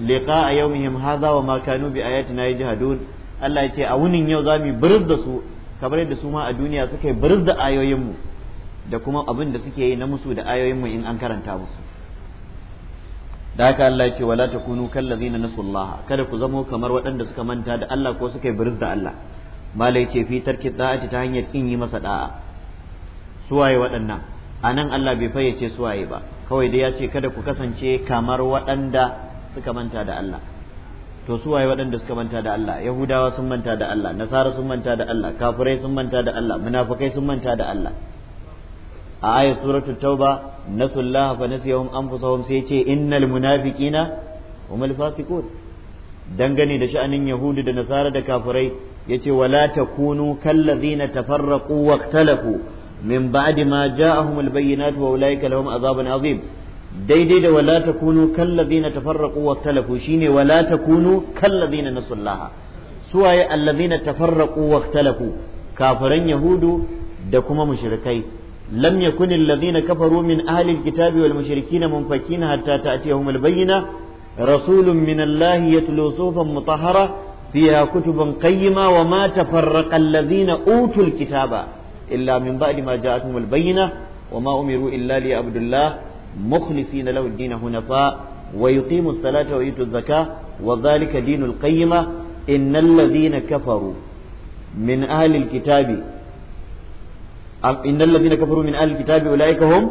liqa'a yawmihim hadha wa ma kanu bi ayatina yajhadun Allah ya ce a wunin yau zamu buris da su kamar yadda su ma a duniya suka yi buris da ayoyin mu da kuma abin da suke yi na musu da ayoyin mu in an karanta musu da haka Allah ce wala takunu kallazina nasullaha kada ku zamo kamar waɗanda suka manta da Allah ko suka yi birz da Allah malai ce fi tarki da'ati ta hanyar kin yi masa da'a suwaye waɗannan anan Allah bai fayyace suwaye ba kawai dai ya ce kada ku kasance kamar waɗanda suka manta da Allah to suwaye waɗanda suka manta da Allah yahudawa sun manta da Allah nasara sun manta da Allah kafirai sun manta da Allah munafikai sun manta da Allah a ayat suratul tauba sulaha fa an anfusahum sai ce innal munafiqina humul fasiqun dangane da sha'anin yahudu da nasara da kafirai yace wala kunu kallazina tafarraqu waqtalafu min ba'di ma ja'ahum albayyinatu wa ulaika lahum azabun azim daidai da wala kunu kallazina tafarraqu waqtalafu shine wala kunu kallazina nasullaha suwaye allazina tafarraqu waqtalafu kafiran yahudu da kuma mushrikai lam yakun alladhina kafaru min ahli alkitabi wal mushrikina munfakin hatta ta'tiyahum albayyina rasulun min Allah yatlu sufan mutahhara فيها كتب قيمة وما تفرق الذين أوتوا الكتاب إلا من بعد ما جاءتهم البينة وما أمروا إلا ليعبدوا الله مخلصين له الدين هنفاء ويقيموا الصلاة ويؤتوا الزكاة وذلك دين القيمة إن الذين كفروا من أهل الكتاب innal ladina kafaru min ahli kitabi ulaika hum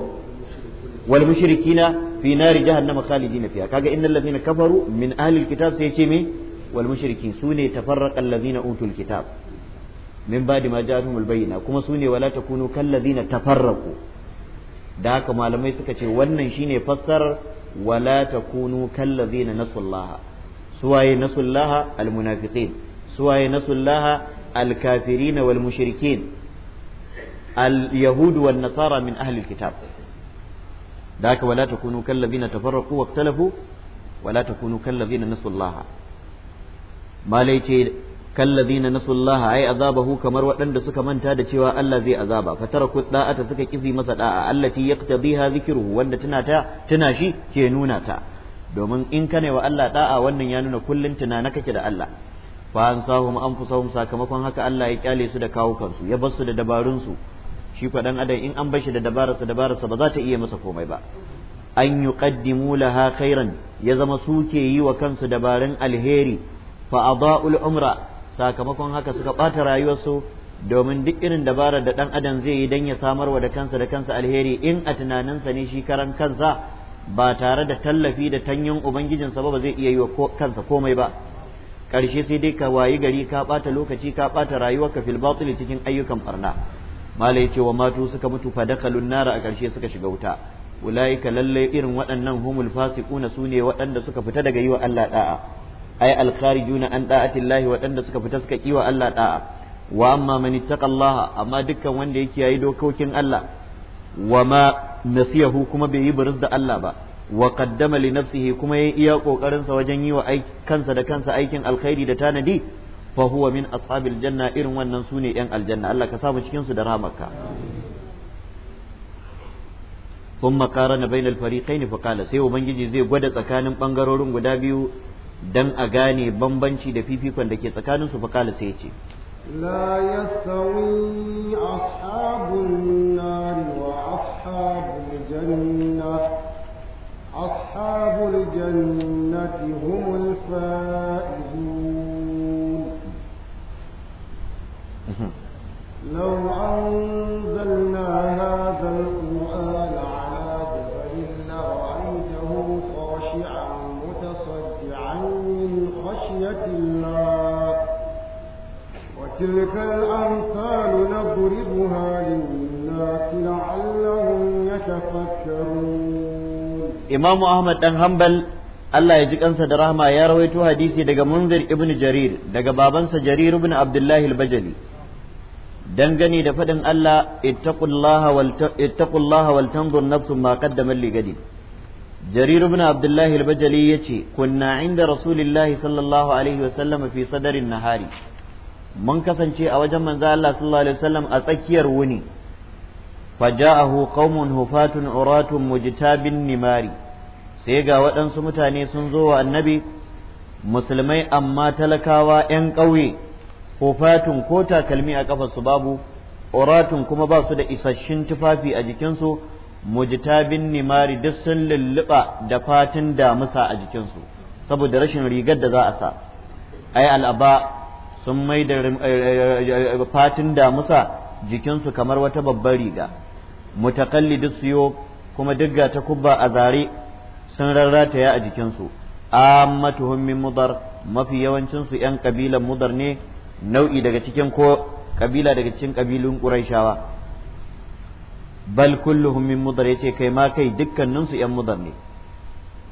wal mushrikina fi nari jahannama khalidina fiha kaga innal ladina kafaru min ahli alkitab sai ce me wal mushrikin sune tafarraqa alladhina utul kitab min ba'di ma ja'atuhum albayyina kuma sune wala takunu da haka malamai suka ce wannan shine fassarar wala takunu kal ladina nasullaha suwaye nasullaha almunafiqin suwaye nasullaha alkafirina wal اليهود والنصارى من أهل الكتاب ذاك ولا تكونوا كالذين تفرقوا واختلفوا ولا تكونوا كالذين نسوا الله ما ليتي كالذين نسوا الله أي أذابه كمر وأن سك من تاد شوى ألا زي أذابا فتركوا الطاعة سك كزي مسد التي يقتضيها ذكره وأن تناتا تناشي كينوناتا domin in ka ne wa Allah da'a wannan ya nuna kullun tunana kake da Allah fa an sahum anfusahum sakamakon haka Allah ya kyale su da kawo kansu ya bar su da dabarun su shi fa dan adam in an bar shi da dabararsa dabararsa ba za ta iya masa komai ba an yuqaddimu laha khairan ya zama suke yi wa kansu dabarun alheri fa adaa'ul umra sakamakon haka suka rayuwar rayuwarsu domin duk irin dabarar da ɗan adam zai yi dan ya samarwa da kansa da kansa alheri in a tunaninsa ne shi karan kansa ba tare da tallafi da tanyin ubangijinsa ba ba zai iya yi wa kansa komai ba ƙarshe sai dai ka wayi gari ka ɓata lokaci ka ɓata rayuwarka fil batil cikin ayyukan farna mala ce wa matu suka mutu fa dakalun nara a ƙarshe suka shiga wuta ka lalle irin waɗannan humul fasiquna sune waɗanda suka fita daga yi wa Allah da'a ay al an da'atillahi waɗanda suka fita suka yi wa Allah da'a wa amma man ittaqallaha amma dukkan wanda yake yayi dokokin Allah wa ma nasiyahu kuma bai yi buruz da Allah ba wa qaddama li nafsihi kuma yayi iya kokarin sa wajen yi wa kansa da kansa aikin alkhairi da tanadi fa huwa min ashabil janna irin wannan sune yan aljanna Allah ka samu cikin su da rahmarka kuma karana bainal fariqain fa qala sai ubangiji zai gwada tsakanin bangarorin guda biyu dan a gane bambanci da fifikon da ke tsakanin su fa qala sai yace لا يستوي أصحاب النار وأصحاب الجنة أصحاب الجنة هم الفائزون لو أنزلنا هذا القرآن على جبل لرأيته خاشعا متصدعا من خشية الله وتلك الأمثال نضربها للناس لعلهم يتفكرون إمام أحمد بن حنبل Allah ya ji kansa da rahama ya rawaito hadisi daga Munzir ibn Jarir daga babansa Jarir ibn Abdullahi al-Bajali dangane da faɗin Allah ittaqullaha wal tanzur nafsun ma qaddamat li gadin jarir ibn abdullah al-bajali kunna inda rasulillah sallallahu alaihi wa sallam fi sadarin nahari mun kasance a wajen manzo Allah sallallahu alaihi wa sallam a tsakiyar wuni faja'ahu qaumun hufatun uratun mujtabin nimari sai ga waɗansu mutane sun zo wa annabi musulmai amma talakawa 'yan ƙauye hufatun ko takalmi a kafarsu babu oratun kuma ba su da isasshen tufafi a jikinsu mujtabin nimari duk sun lulluɓa da fatin damusa a jikinsu saboda rashin rigar da za a sa ai al'aba sun mai da eh, eh, eh, fatin damusa jikinsu kamar wata babbar riga mutakalli siyo kuma duk ta kubba a zare sun ya a jikinsu ammatuhum min mudar mafi yawancinsu 'yan kabilan mudar ne nau'i daga cikin ko kabila daga cikin kabilun quraishawa bal kulluhum min mudar yace kai ma kai dukkanin yan mudar ne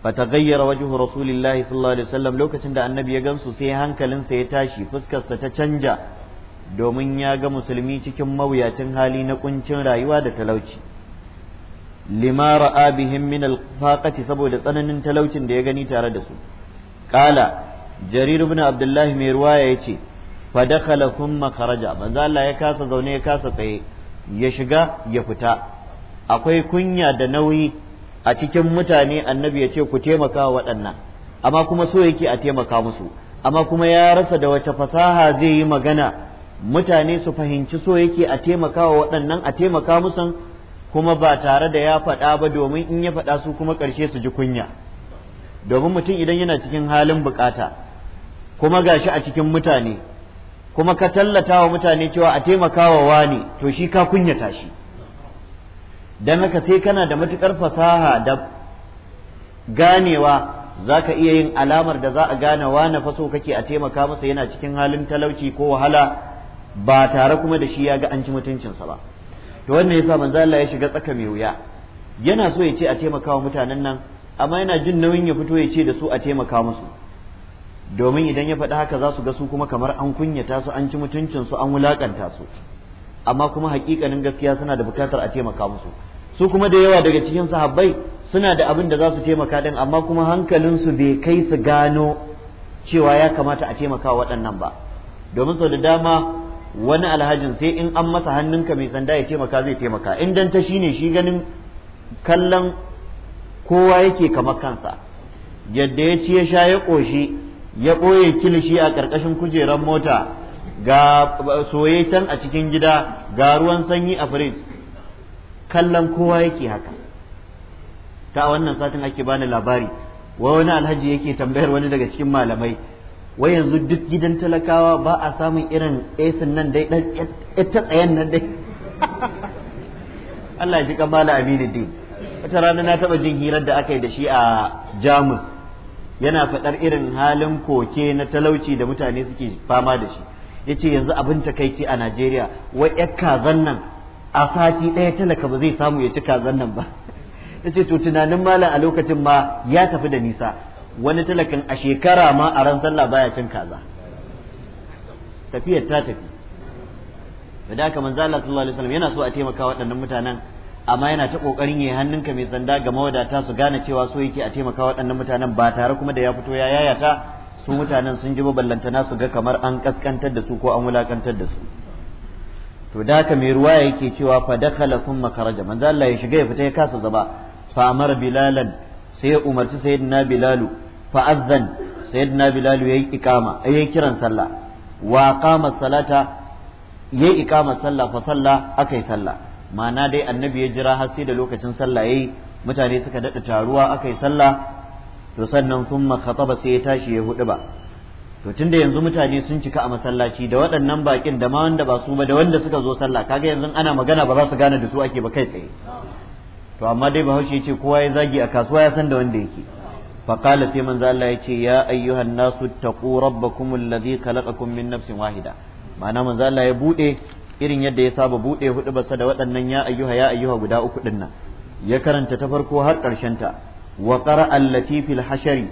Bata wajhu rasulillahi sallallahu alaihi wasallam lokacin da annabi ya gansu sai hankalinsa ya tashi fuskarsa ta canja domin ya ga musulmi cikin mawuyacin hali na kuncin rayuwa da talauci lima ra'a bihim min alfaqati saboda tsananin talaucin da ya gani tare da su qala jarir ibn abdullah mai ruwaya yace fa kun makaraja kharaja manzo Allah ya kasa zaune ya kasa tsaye ya shiga ya fita akwai kunya da nauyi a cikin mutane annabi ya ce ku taimaka waɗannan amma kuma so yake a taimaka musu amma kuma ya rasa da wace fasaha zai yi magana mutane su fahimci so yake a taimaka wa waɗannan a taimaka musu kuma ba tare da ya faɗa ba domin in ya faɗa su kuma ƙarshe su ji kunya domin mutum idan yana cikin halin bukata kuma gashi a cikin mutane kuma ka tallata wa mutane cewa a taimakawa wani to shi ka kunyata shi dan haka sai kana da matukar fasaha da ganewa za ka iya yin alamar da za a gane wane faso kake a taimaka masa yana cikin halin talauci ko wahala ba tare kuma da shi ya ga an ci mutuncinsa ba to wannan yasa manzo Allah ya shiga tsaka mai wuya yana so ya ce a taimaka wa mutanen nan amma yana jin nauyin ya fito ya ce da su a taimaka musu domin idan ya faɗi haka za su ga su kuma kamar an kunyata su an ci mutuncin su an wulakanta su amma kuma hakikanin gaskiya suna da bukatar a taimaka musu su kuma da yawa daga cikin sahabbai suna da abin da za su taimaka din amma kuma hankalin su bai kai su gano cewa ya kamata a taimaka waɗannan ba domin sau da dama wani alhajin sai in an masa hannunka mai sanda ya taimaka zai taimaka in dan ta shine shi ganin kallon kowa yake kamar kansa yadda ya ci ya sha ya ƙoshi ya ɓoye kilishi a ƙarƙashin kujerar mota ga soye can a cikin gida ga ruwan sanyi a firij kallon kowa yake haka ta wannan satin ake bani labari wai wani alhaji yake tambayar wani daga cikin malamai wai yanzu duk gidan talakawa ba a samun irin esin nan dai ɗan ta tsayen nan dai Allah ya ji kamala aminu din wata rana na taba jin hirar da aka yi da shi a Jamus yana faɗar irin halin koke na talauci da mutane suke fama da shi ya ce yanzu abin takaici a najeriya wai yar kazan nan a sati ɗaya talaka ba zai samu ya ci kazan nan ba ya ce to tunanin malam a lokacin ma ya tafi da nisa wani talakan a shekara ma a ran sallah baya cin kaza tafiyar ta tafi da haka manzo Allah sallallahu alaihi wasallam yana so a taimaka waɗannan mutanen amma yana ta kokarin yayi hannunka mai sanda ga mawadata su gane cewa so yake a taimaka waɗannan mutanen ba tare kuma da ya fito ya yayata su mutanen sun ji ballantana su ga kamar an kaskantar da su ko an wulakantar da su to da haka mai ruwa yake cewa fa dakhala thumma kharaja manzo Allah ya shiga ya fita ya kasa zaba fa amar bilalan sai ya umarci sayyidina bilalu fa azzan sayyidina bilalu yayi ikama yayi kiran sallah wa qama salata yayi ikama sallah fa sallah akai sallah ma'ana dai annabi ya jira har sai da lokacin sallah yayi mutane suka daɗa taruwa aka yi sallah to sannan sun makhataba sai ya tashi ya hudu ba to tunda yanzu mutane sun cika a masallaci da waɗannan baƙin da ma wanda ba su ba da wanda suka zo sallah kaga yanzu ana magana ba za su gane da su ake ba kai tsaye to amma dai bahaushe ya ce kowa ya zagi a kasuwa ya san da wanda yake فقال في sai ذا ce ya أيها nasu اتقوا ربكم الذي khalaqakum min nafsin wahida ma'ana manzo Allah ya bude irin yadda ya saba buɗe hudu basa da waɗannan ya ayyuha ya ayyuha guda uku ɗin nan ya karanta ta farko har ƙarshen ta wa qara allati fil hashari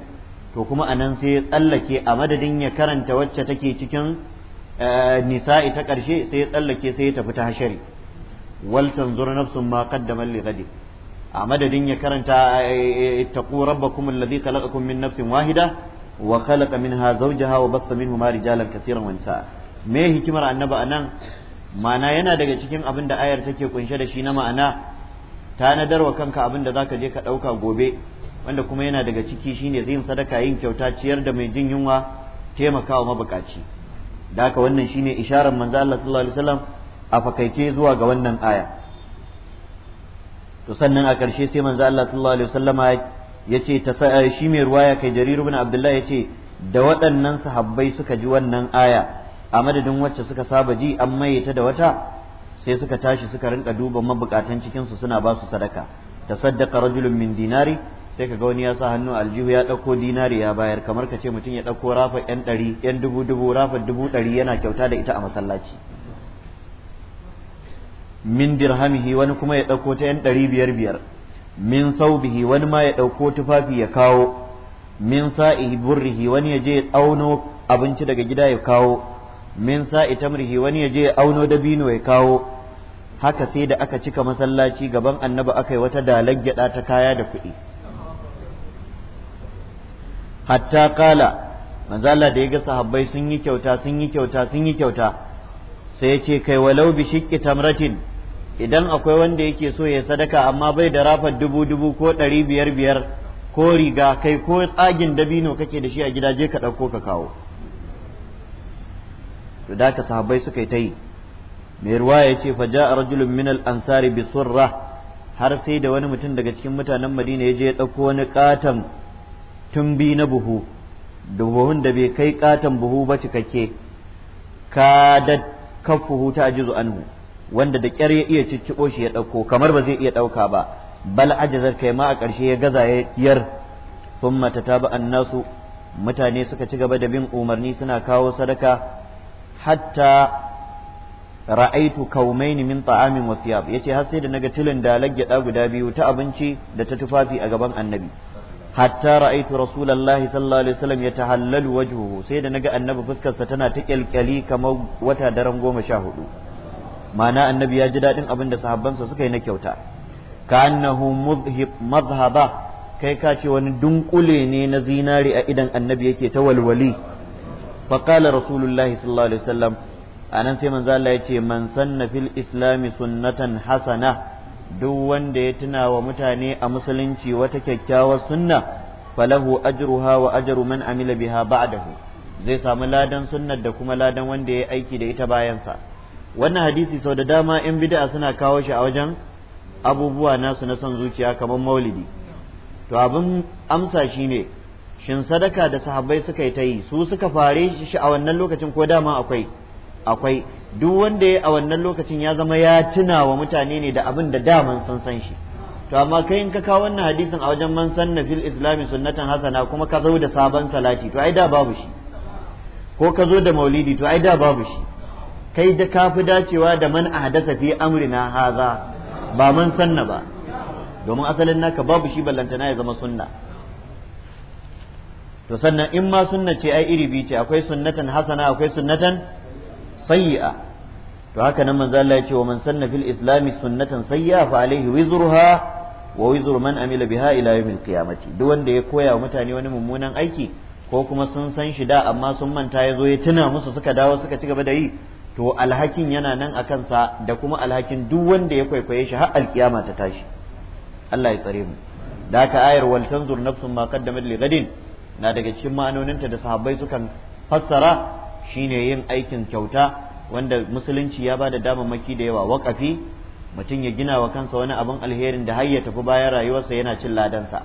to kuma anan sai ya tsallake a madadin ya karanta wacce take cikin eh, nisa'i ta ƙarshe sai ya tsallake sai ya tafi ta hashari wal tanzur nafsun ma qaddamat li ghadin a madadin ya karanta eh, ittaqu rabbakum alladhi khalaqakum min nafsin wahida wa khalaqa minha zawjaha wa bassa minhuma rijalan katsiran wa nisaa me hikimar annaba anan ma'ana yana daga cikin abin da ayar take kunshe da shi na ma'ana tanadar wa kanka abin da zaka je ka ɗauka gobe wanda kuma yana daga ciki shine yin sadaka yin kyauta ciyar da mai jin yunwa taimakawa mabukaci da haka wannan shine isharar manzo Allah sallallahu alaihi wasallam a fakaice zuwa ga wannan aya to sannan a ƙarshe sai manzo Allah sallallahu alaihi ya ce ta shi mai ruwaya kai jarir ibn abdullahi ce da waɗannan sahabbai suka ji wannan aya a madadin wacce suka saba ji an maye ta da wata sai suka tashi suka rinka duba mabukatan cikin su suna ba su sadaka saddaka rajulun min dinari sai ka ga wani ya sa hannu aljihu ya ɗauko dinari ya bayar kamar ka ce mutum ya ɗauko rafa yan dari yan dubu dubu rafa dubu ɗari yana kyauta da ita a masallaci min dirhamihi wani kuma ya ɗauko ta yan ɗari biyar biyar min saubihi wani ma ya ɗauko tufafi ya kawo min sa'ihi burrihi wani ya je ya tsauno abinci daga gida ya kawo min sa'i tamrihi wani ya je ya auno dabino ya kawo haka sai da aka cika masallaci gaban annabi aka yi wata dalar gyada ta kaya da kuɗi hatta kala manzala da ya ga sahabbai sun yi kyauta sun yi kyauta sun yi kyauta sai ya ce kai walau bi shiqqi tamratin idan akwai wanda yake so ya sadaka amma bai da rafar dubu dubu ko ɗari biyar biyar ko riga kai ko tsagin dabino kake da shi a gida je ka ɗauko ka kawo to da ka sahabbai suka yi ta yi mai ruwa ya ce fa ja'a rajulun al ansari bi surra har sai da wani mutum daga cikin mutanen madina ya je ya dauko wani tun tumbi na buhu da buhun da bai kai katon buhu ba cikakke da kafuhu ta ajizu anhu wanda da kyar ya iya cicciɓo shi ya dauko kamar ba zai iya dauka ba bal ajazar kai ma a ƙarshe ya gaza ya yar thumma tataba annasu mutane suka ci gaba da bin umarni suna kawo sadaka hatta ra'aitu kaumaini min ta'amin wa thiyab yace har sai da naga tilin da laggeda guda biyu ta abinci da ta tufafi a gaban annabi hatta ra'aitu rasulullahi sallallahu alaihi wasallam yatahallalu wajhuhu sai da naga annabi fuskarsa tana ta kyalkyali kamar wata daren goma sha hudu ma'ana annabi ya ji daɗin abin da sahabbansa suka yi na kyauta ka annahu madhhaba kai ka ce wani dunkule ne na zinari a idan annabi yake ta walwali fa qala sallallahu alaihi wasallam anan sai manzo Allah yace man sanna fil islami sunnatan Hassana duk wanda ya tuna wa mutane a musulunci wata kyakkyawar sunna falahu ajruha wa ajru man amila biha ba'dahu zai samu ladan sunnar da kuma ladan wanda ya yi aiki da ita bayansa wannan hadisi sau da dama 'yan bid'a suna kawo shi a wajen abubuwa nasu na son zuciya kamar maulidi to abin amsa shine shin sadaka da sahabbai suka yi ta yi su suka fare shi a wannan lokacin ko dama akwai akwai duk wanda ya a wannan lokacin ya zama ya tuna wa mutane ne da abin da daman sun san shi to amma kai in ka kawo wannan hadisin a wajen man na fil islami sunnatan hasana kuma ka zo da sabon salati to ai da babu shi ko ka zo da maulidi to ai da babu shi kai da kafi dacewa da man ahdasa fi amrina haza ba man sanna ba domin asalin naka babu shi ballantana ya zama sunna to sannan in ma sunna ce ai iri biyu ce akwai sunnatan hasana akwai sunnatan sayyi'a to haka nan manzo Allah ya ce wa man sanna fil islami sunnatan sayyi'a fa alaihi wizruha wa wizru man amila biha ila yawmil qiyamati duk wanda ya koya wa mutane wani mummunan aiki ko kuma sun san shi da amma sun manta ya zo ya tuna musu suka dawo suka ci gaba da yi to alhakin yana nan a kansa da kuma alhakin duk wanda ya kwaikwaye shi har alkiyama ta tashi Allah ya tsare mu da ka ayar wal tanzur nafsun ma qaddamat li gadin na daga cikin ma'anoninta da sahabbai sukan fassara shine yin aikin kyauta wanda musulunci ya ba da damammaki da yawa waƙafi mutum ya gina wa kansa wani abin alherin da har ya tafi bayan rayuwarsa yana cin ladansa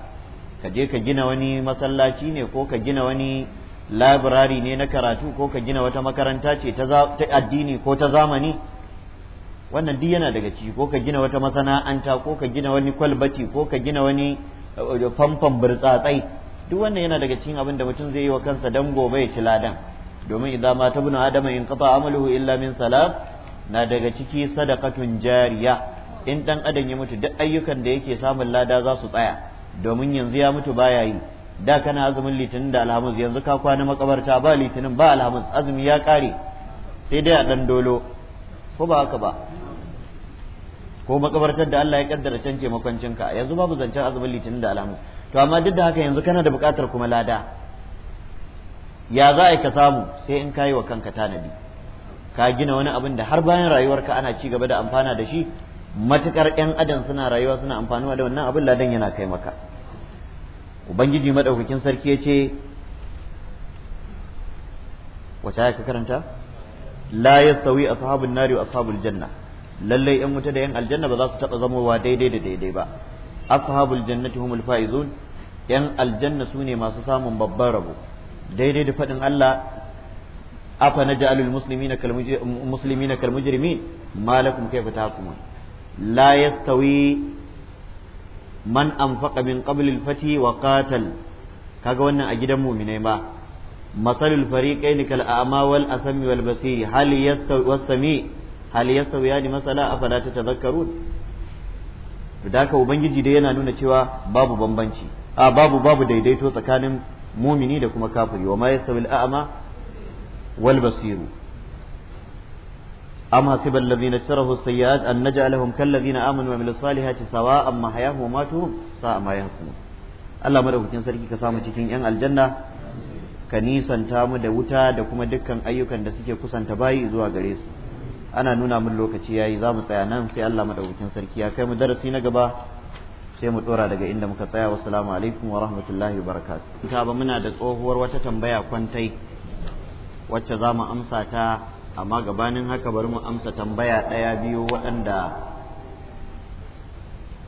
ka je ka gina wani masallaci ne ko ka gina wani labirari ne na karatu ko ka gina wata makaranta ce ta addini ko ta zamani wannan duk yana daga ciki ko ka gina wata masana'anta ko ka gina wani kwalbati ko ka gina wani eh, famfon burtsatsai duk wannan yana daga cikin abin da mutum zai yi wa kansa dan gobe ya ci ladan domin idan ma ta bunu adama in qata amaluhu illa min salat na daga ciki sadaqatun jariya in dan adam ya mutu duk ayyukan da yake samun lada za su tsaya domin yanzu ya mutu baya yi da kana azumin litinin da alhamis yanzu ka kwana makabarta ba litinin ba alhamis azumi ya kare sai dai a dan dolo ko ba haka ba ko makabartar da Allah ya kaddara cance makwancinka yanzu babu zancen azumin litinin da alhamis to amma duk da haka yanzu kana da buƙatar kuma lada ya za a yi ka samu sai in kayi wa kanka tanadi ka gina wani abin da har bayan rayuwarka ana ci gaba da amfana da shi matukar 'yan adam suna rayuwa suna amfanuwa da wannan abin ladan yana kai maka ubangiji maɗaukakin sarki ya ce wata ka karanta la yastawi ashabun nari wa ashabul janna lallai yan wuta da yan aljanna ba za su taɓa zamowa daidai da daidai ba ashabul jannati humul faizun yan aljanna sune masu samun babban rabo daidai da faɗin Allah afa naj'alul muslimina kal muslimina kal mujrimin ma kayfa tahkumun la yastawi man anfaqa min qabl al fati wa qatal kaga wannan a gidan mu'minai ba masalul fariqaini kal a'ma wal asami wal basiri hal yastawi was sami hal yastawi yani masala afala tatadhakkarun da haka ubangiji dai yana nuna cewa babu bambanci a babu babu daidaito tsakanin mumini da kuma kafiri wa ma yasawil ama wal basiru am hasiba alladhina tarahu sayyiat an naj'alahum kal ladhina amanu wa amilu salihati sawa'an mahayahum wa matuhum sa'a ma yahkum Allah madaukakin sarki ka samu cikin yan aljanna ka nisanta mu da wuta da kuma dukkan ayyukan da suke kusanta bayi zuwa gare su ana nuna min lokaci yayi za mu tsaya nan sai Allah madaukakin sarki ya kai mu darasi na gaba sai mu dora daga inda muka tsaya wassalamu alaikum wa rahmatullahi wa barakatuh ita ba muna da tsohuwar wata tambaya kwantai wacce za mu amsa ta amma gabanin haka bari mu amsa tambaya daya biyu waɗanda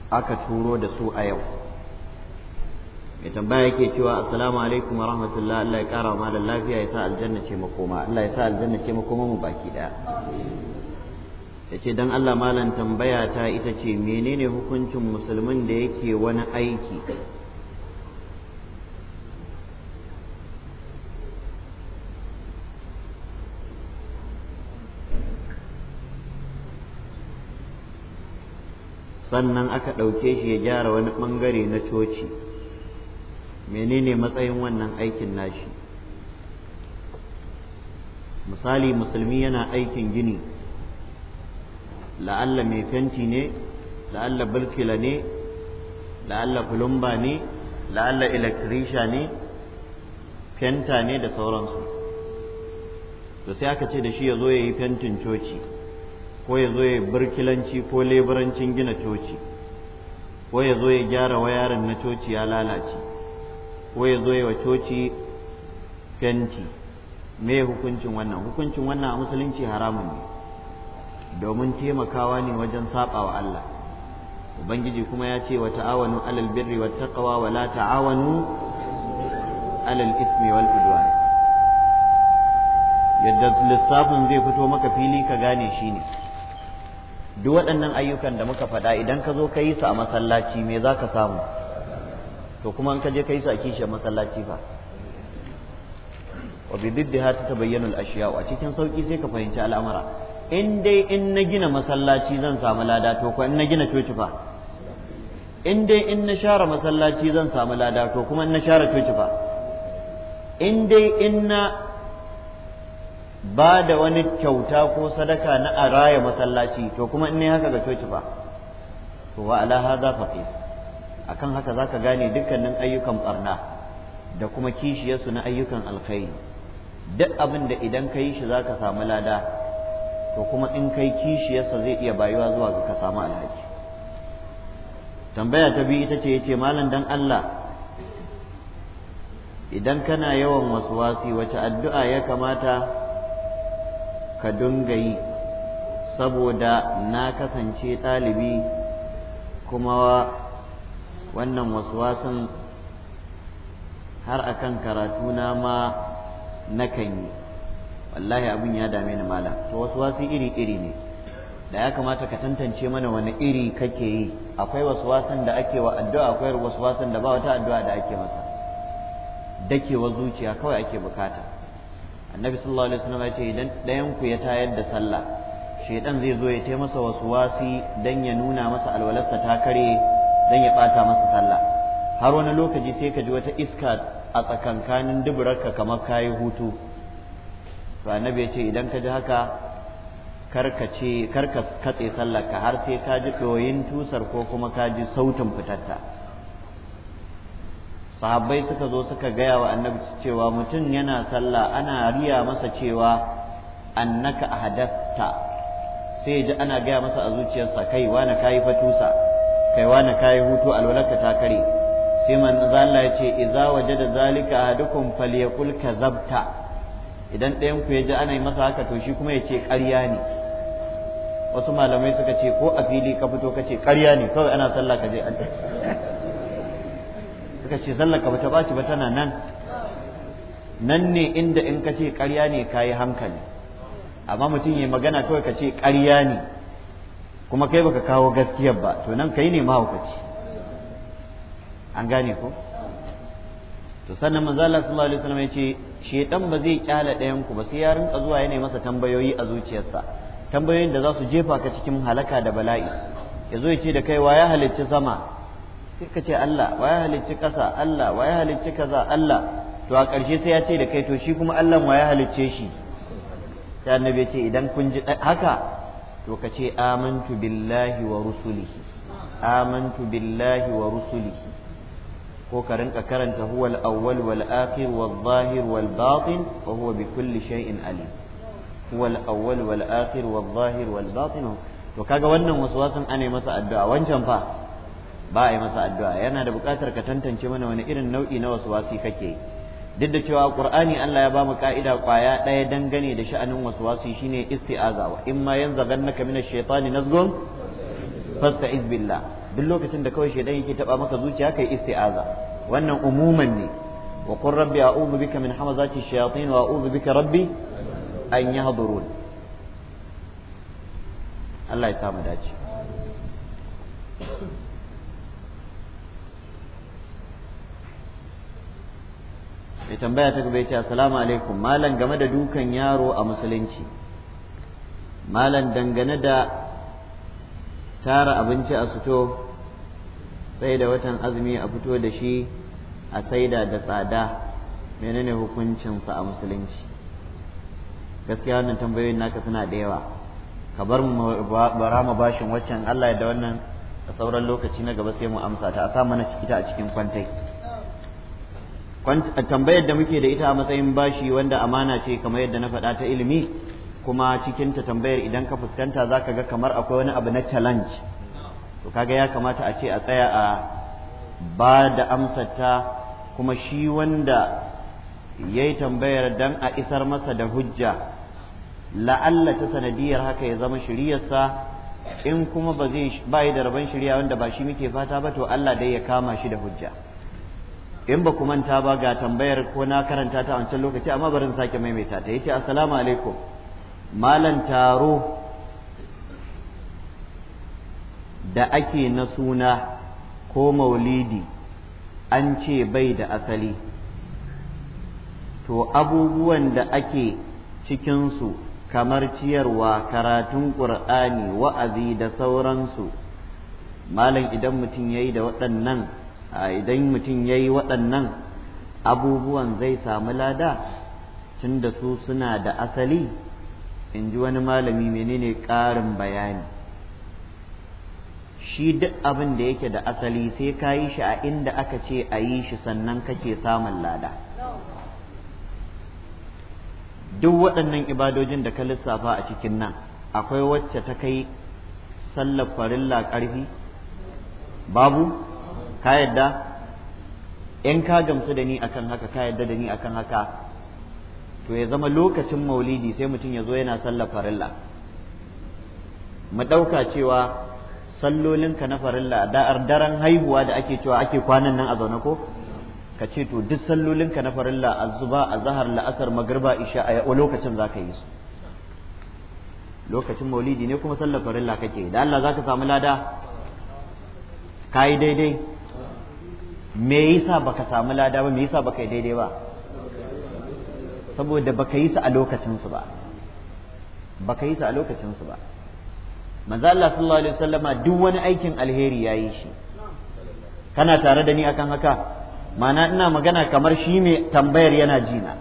aka turo da su a yau mai tambaya yake cewa assalamu alaikum wa rahmatullah Allah ya ma da lafiya ya sa aljanna ce makoma Allah ya sa aljanna ce makoma mu baki ɗaya yace dan Allah malam tambaya ta ita ce menene hukuncin musulmin da yake wani aiki sannan aka ɗauke shi ya gyara wani ɓangare na coci menene matsayin wannan aikin nashi misali musulmi yana aikin gini la'alla mai fenti ne la'alla bulkila ne la'alla kulumba ne la'alla electrician ne fenta ne da sauransu to sai aka ce da shi ya zo ya yi fentin coci ko ya zo ya yi burkilanci ko leburancin gina coci ko ya zo ya gyara wayarin na coci ya lalace ko ya zo ya wa coci fenti me hukuncin wannan hukuncin wannan a musulunci haramun ne domin taimakawa ne wajen saba wa Allah ubangiji kuma ya ce wa ta'awanu alal birri wat taqwa wa la ta'awanu alal ismi wal udwan yadda lissafin zai fito maka fili ka gane shi ne duk waɗannan ayyukan da muka faɗa idan ka zo ka yi su a masallaci me za ka samu to kuma in ka je ka yi su a kishiyar masallaci fa wa bi diddiha ta tabayyana ashiya a cikin sauki sai ka fahimci al'amara in dai in na gina masallaci zan samu lada to ko in na gina coci fa in dai in na share masallaci zan samu lada to kuma in na share coci fa in dai in na ba da wani kyauta ko sadaka na a raya masallaci to kuma in ne haka ga coci fa to wa ala hadha faqis akan haka zaka gane dukkanin ayyukan barna da kuma kishiyarsu na ayyukan alkhairi duk abin da idan ka yi shi zaka samu lada to kuma in kai kishiyarsa zai iya bayuwa zuwa ga ka samu alhaki tambaya ta biyu ita ce yace malam dan Allah idan kana yawan wasuwasi wace addu'a ya kamata ka dinga yi saboda na kasance ɗalibi kuma wannan wasuwasin har akan karatu na ma nakan yi wallahi abin ya dame ni mala. to wasu wasu iri iri ne da ya kamata ka tantance mana wani iri kake yi akwai wasu wasan da ake wa addu'a akwai wasu wasan da ba wata addu'a da ake masa dakewa zuciya kawai ake bukata annabi sallallahu alaihi wasallam ya ce idan ɗayan ku ya tayar da sallah shedan zai zo ya taimasa wasu wasi dan ya nuna masa alwalarsa ta kare dan ya bata masa sallah har wani lokaci sai ka ji wata iska a tsakankanin duburarka kamar kayi hutu to annabi ya ce idan ka ji haka ce karka katse ka, har sai ka ji ɗoyin tusar ko kuma ka ji sautin fitarta sahabbai suka zo suka gaya wa annabi cewa mutum yana sallah ana riya masa cewa annaka ahadatta sai ya ji ana gaya masa a zuciyarsa kai wani kayi fatusa kai wani kayi hutu alwalarka ta kare sai manzo Allah ya ce idza wajada zalika ahadukum falyakul kazabta idan ɗayan ku ya ji ana yi masa haka to shi kuma ya ce ƙarya ne wasu malamai suka ce ko a fili ka fito ka ce ƙarya ne kawai ana sallah ka je aljanna suka ce sallah ka ba baci ba tana nan nan ne inda in ka ce ƙarya ne ka yi hankali amma mutum ya magana kawai ka ce ƙarya ne kuma kai baka kawo gaskiyar ba to nan kai ne mahaukaci an gane ko to sannan manzo Allah sallallahu alaihi wasallam ya ce shedan ba zai kyala ɗayan ku ba sai ya ka zuwa yana masa tambayoyi a zuciyarsa tambayoyin da za su jefa ka cikin halaka da bala'i ya zo ya ce da kai wa ya halicci sama sai ka ce Allah wa ya halicci ƙasa Allah wa ya halicci kaza Allah to a ƙarshe sai ya ce da kai to shi kuma Allah wa ya halicce shi sai annabi ya ce idan kun ji haka to ka ce amantu billahi wa rusulihi amantu billahi wa rusulihi ko ka rinka karanta huwal awwal wal akhir wal zahir wal batin wa huwa bi kulli shay'in alim huwal awwal wal akhir wal zahir wal batin to kaga wannan waswasin ana masa addu'a wancan fa ba a yi masa addu'a yana da buƙatar ka tantance mana wani irin nau'i na waswasi kake duk da cewa qur'ani Allah ya ba mu ka'ida kwaya ɗaya dangane da sha'anin waswasi shine isti'aza wa imma yanzaghannaka minash shaitani nazghun fasta'iz billah duk lokacin da kawai shaidan yake taba maka zuciya kai isti'aza wannan umuman ne wa qur rabbi a'udhu bika min hamazati shayatin wa a'udhu bika rabbi an yahdurun Allah ya samu dace mai tambaya ta gaba ya ce assalamu alaikum malam game da dukan yaro a musulunci malam dangane da tara abinci a suto sai da watan azumi a fito da shi a saida da tsada menene hukuncinsa a musulunci gaskiya wannan tambayoyin naka suna da yawa ka bar mu bara bashin waccan Allah da wannan a sauran lokaci na gaba sai mu amsa ta a sa mana ciki ta a cikin kwantai tambayar da muke da ita a matsayin bashi wanda amana ce kamar yadda na faɗa ta ilimi kuma cikin ta tambayar idan ka fuskanta za ka ga kamar akwai wani abu na challenge to kaga ya kamata a ce a tsaya a ba da amsata kuma shi wanda ya yi tambayar dan a isar masa da hujja la'alla ta sanadiyar haka ya zama shiriyarsa in kuma ba zai yi da rabon shirya wanda ba shi muke fata ba to Allah dai ya kama shi da hujja in ba kuma manta ba ga tambayar ko na karanta ta a wancan lokaci amma barin sake maimaita ta yace assalamu alaikum malan taro da ake na suna ko maulidi an ce bai da asali to abubuwan da ake cikinsu kamar ciyarwa karatun ƙur'ani wa'azi da sauransu malam idan mutum ya yi da waɗannan idan mutum ya yi waɗannan abubuwan zai samu lada tun da su suna da asali in ji wani malami menene ƙarin bayani shi duk abin da yake da asali sai ka yi shi a inda aka ce a yi shi sannan kake samun lada duk waɗannan ibadojin da ka lissafa a cikin nan akwai wacce ta kai sallar farilla ƙarfi babu ka yadda in ka gamsu da ni akan haka ka yadda da ni akan haka to ya zama lokacin maulidi sai mutum ya zo yana sallar farilla mu ɗauka cewa sallolinka na farilla da'ar daren haihuwa da ake cewa ake kwanan nan a zaune ko ka ce to duk sallolinka na farilla a azhar la'asar magriba isha a lokacin zaka yi su lokacin maulidi ne kuma sallar farilla kake da Allah zaka samu lada kai daidai me yasa baka samu lada ba me yasa baka daidai ba saboda baka yi su a lokacinsu ba baka yi su a lokacinsu ba manzo Allah sallallahu alaihi wasallama duk wani aikin alheri yayi shi kana tare da ni akan haka mana ina magana kamar shi mai tambayar yana jina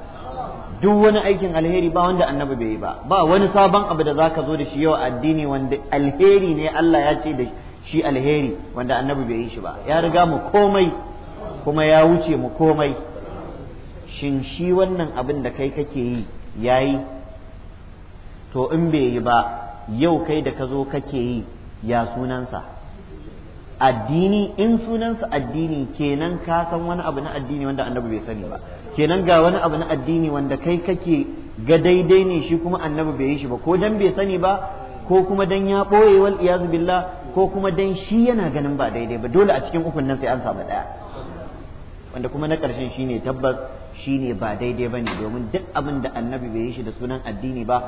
duk wani aikin alheri ba wanda annabi bai yi ba ba wani sabon abu da zaka zo da shi yau addini wanda alheri ne Allah ya ce da shi alheri wanda annabi bai yi shi ba ya riga mu komai kuma ya wuce mu komai shin shi wannan abin da kai kake yi ya yi to in bai yi ba yau kai da ka zo kake yi ya sunansa addini in sunansa addini kenan ka san wani abu na addini wanda annabi bai sani ba kenan ga wani abu na addini wanda kai kake ga daidai ne shi kuma annabi bai yi shi ba ko dan bai sani ba ko kuma dan ya ɓoye wal iyazu billah ko kuma dan shi yana ganin ba daidai ba dole a cikin ukun nan sai an samu ɗaya wanda kuma na ƙarshen shine tabbas ne ba daidai ba ne domin duk abin da annabi bai yi shi da sunan addini ba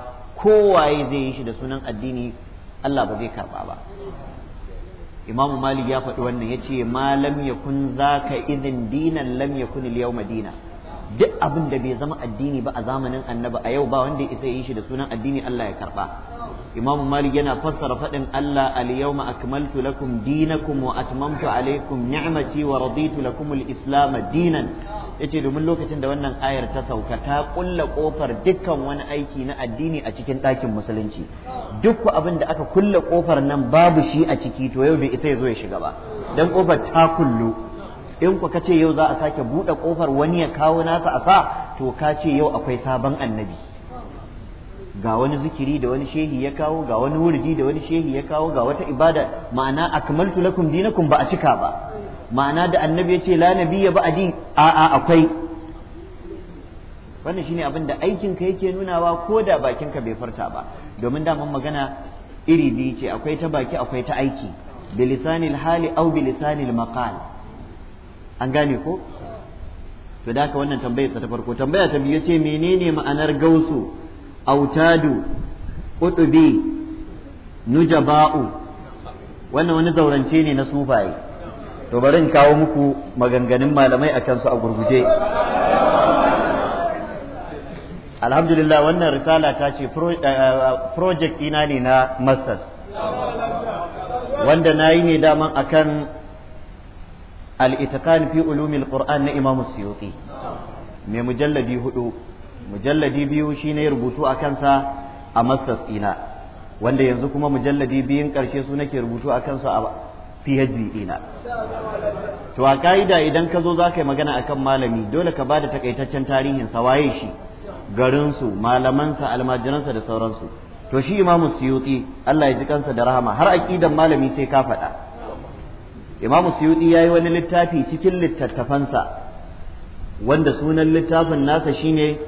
kowaye zai yi shi da sunan addini Allah ba zai karba ba imamu malik ya faɗi wannan ya ce ma lam yakun zaka idin dinan lam yakun liyau madina dina duk abin da bai zama addini ba a zamanin annabi a yau ba wanda isa yi shi da sunan addini Allah ya karba imamu malik yana fassara faɗin Allah al-yawma akmaltu lakum dinakum wa atmamtu alaykum ni'mati wa raditu lakum al-islam dinan yace domin lokacin da wannan ayar ta sauka ta kulla kofar dukkan wani aiki na addini a cikin ɗakin musulunci duk abin da aka kulla kofar nan babu shi a ciki to yau bai isa ya zo ya shiga ba dan kofar ta kullu in ku kace yau za a sake buɗe ƙofar wani ya kawo nasa a sa to ka ce yau akwai sabon annabi ga wani zikiri da wani shehi ya kawo ga wani wurdi da wani shehi ya kawo ga wata ibada ma'ana akmaltu lakum dinakum ba a cika ba ma'ana da annabi yace la nabiyya adi a a akwai wannan shine abin da aikin ka yake nunawa ko da bakin ka bai farta ba domin da mun magana iri biyu ce akwai ta baki akwai ta aiki bilisanil hali au bilisanil maqal an gane ko to da haka wannan tambayar ta farko tambaya ta biyu ce menene ma'anar gausu autadu qutubi nujaba'u wannan wani zaurance ne na sufaye to bari in kawo muku maganganun malamai akan su a gurguje alhamdulillah wannan risala ta ce eh, project ina ne na masters wanda na yi ne daman akan al’itakan fi ulumil qur'an na imam suyuti mai mujalladi hudu mujalladi biyu shi shine rubutu a kansa a masters ina wanda yanzu kuma mujalladi biyun karshe su nake rubutu a kansa a PhD ina to a ka'ida idan ka zo za ka yi magana kan malami dole ka ba da takaitaccen tarihin sa waye shi garinsu malamansa almajiransa da sauransu to shi imamu suyuti Allah ya ji kansa da rahama har aƙidan malami sai ka faɗa imam suyudi ya yi wani littafi cikin littattafansa wanda sunan littafin nasa shine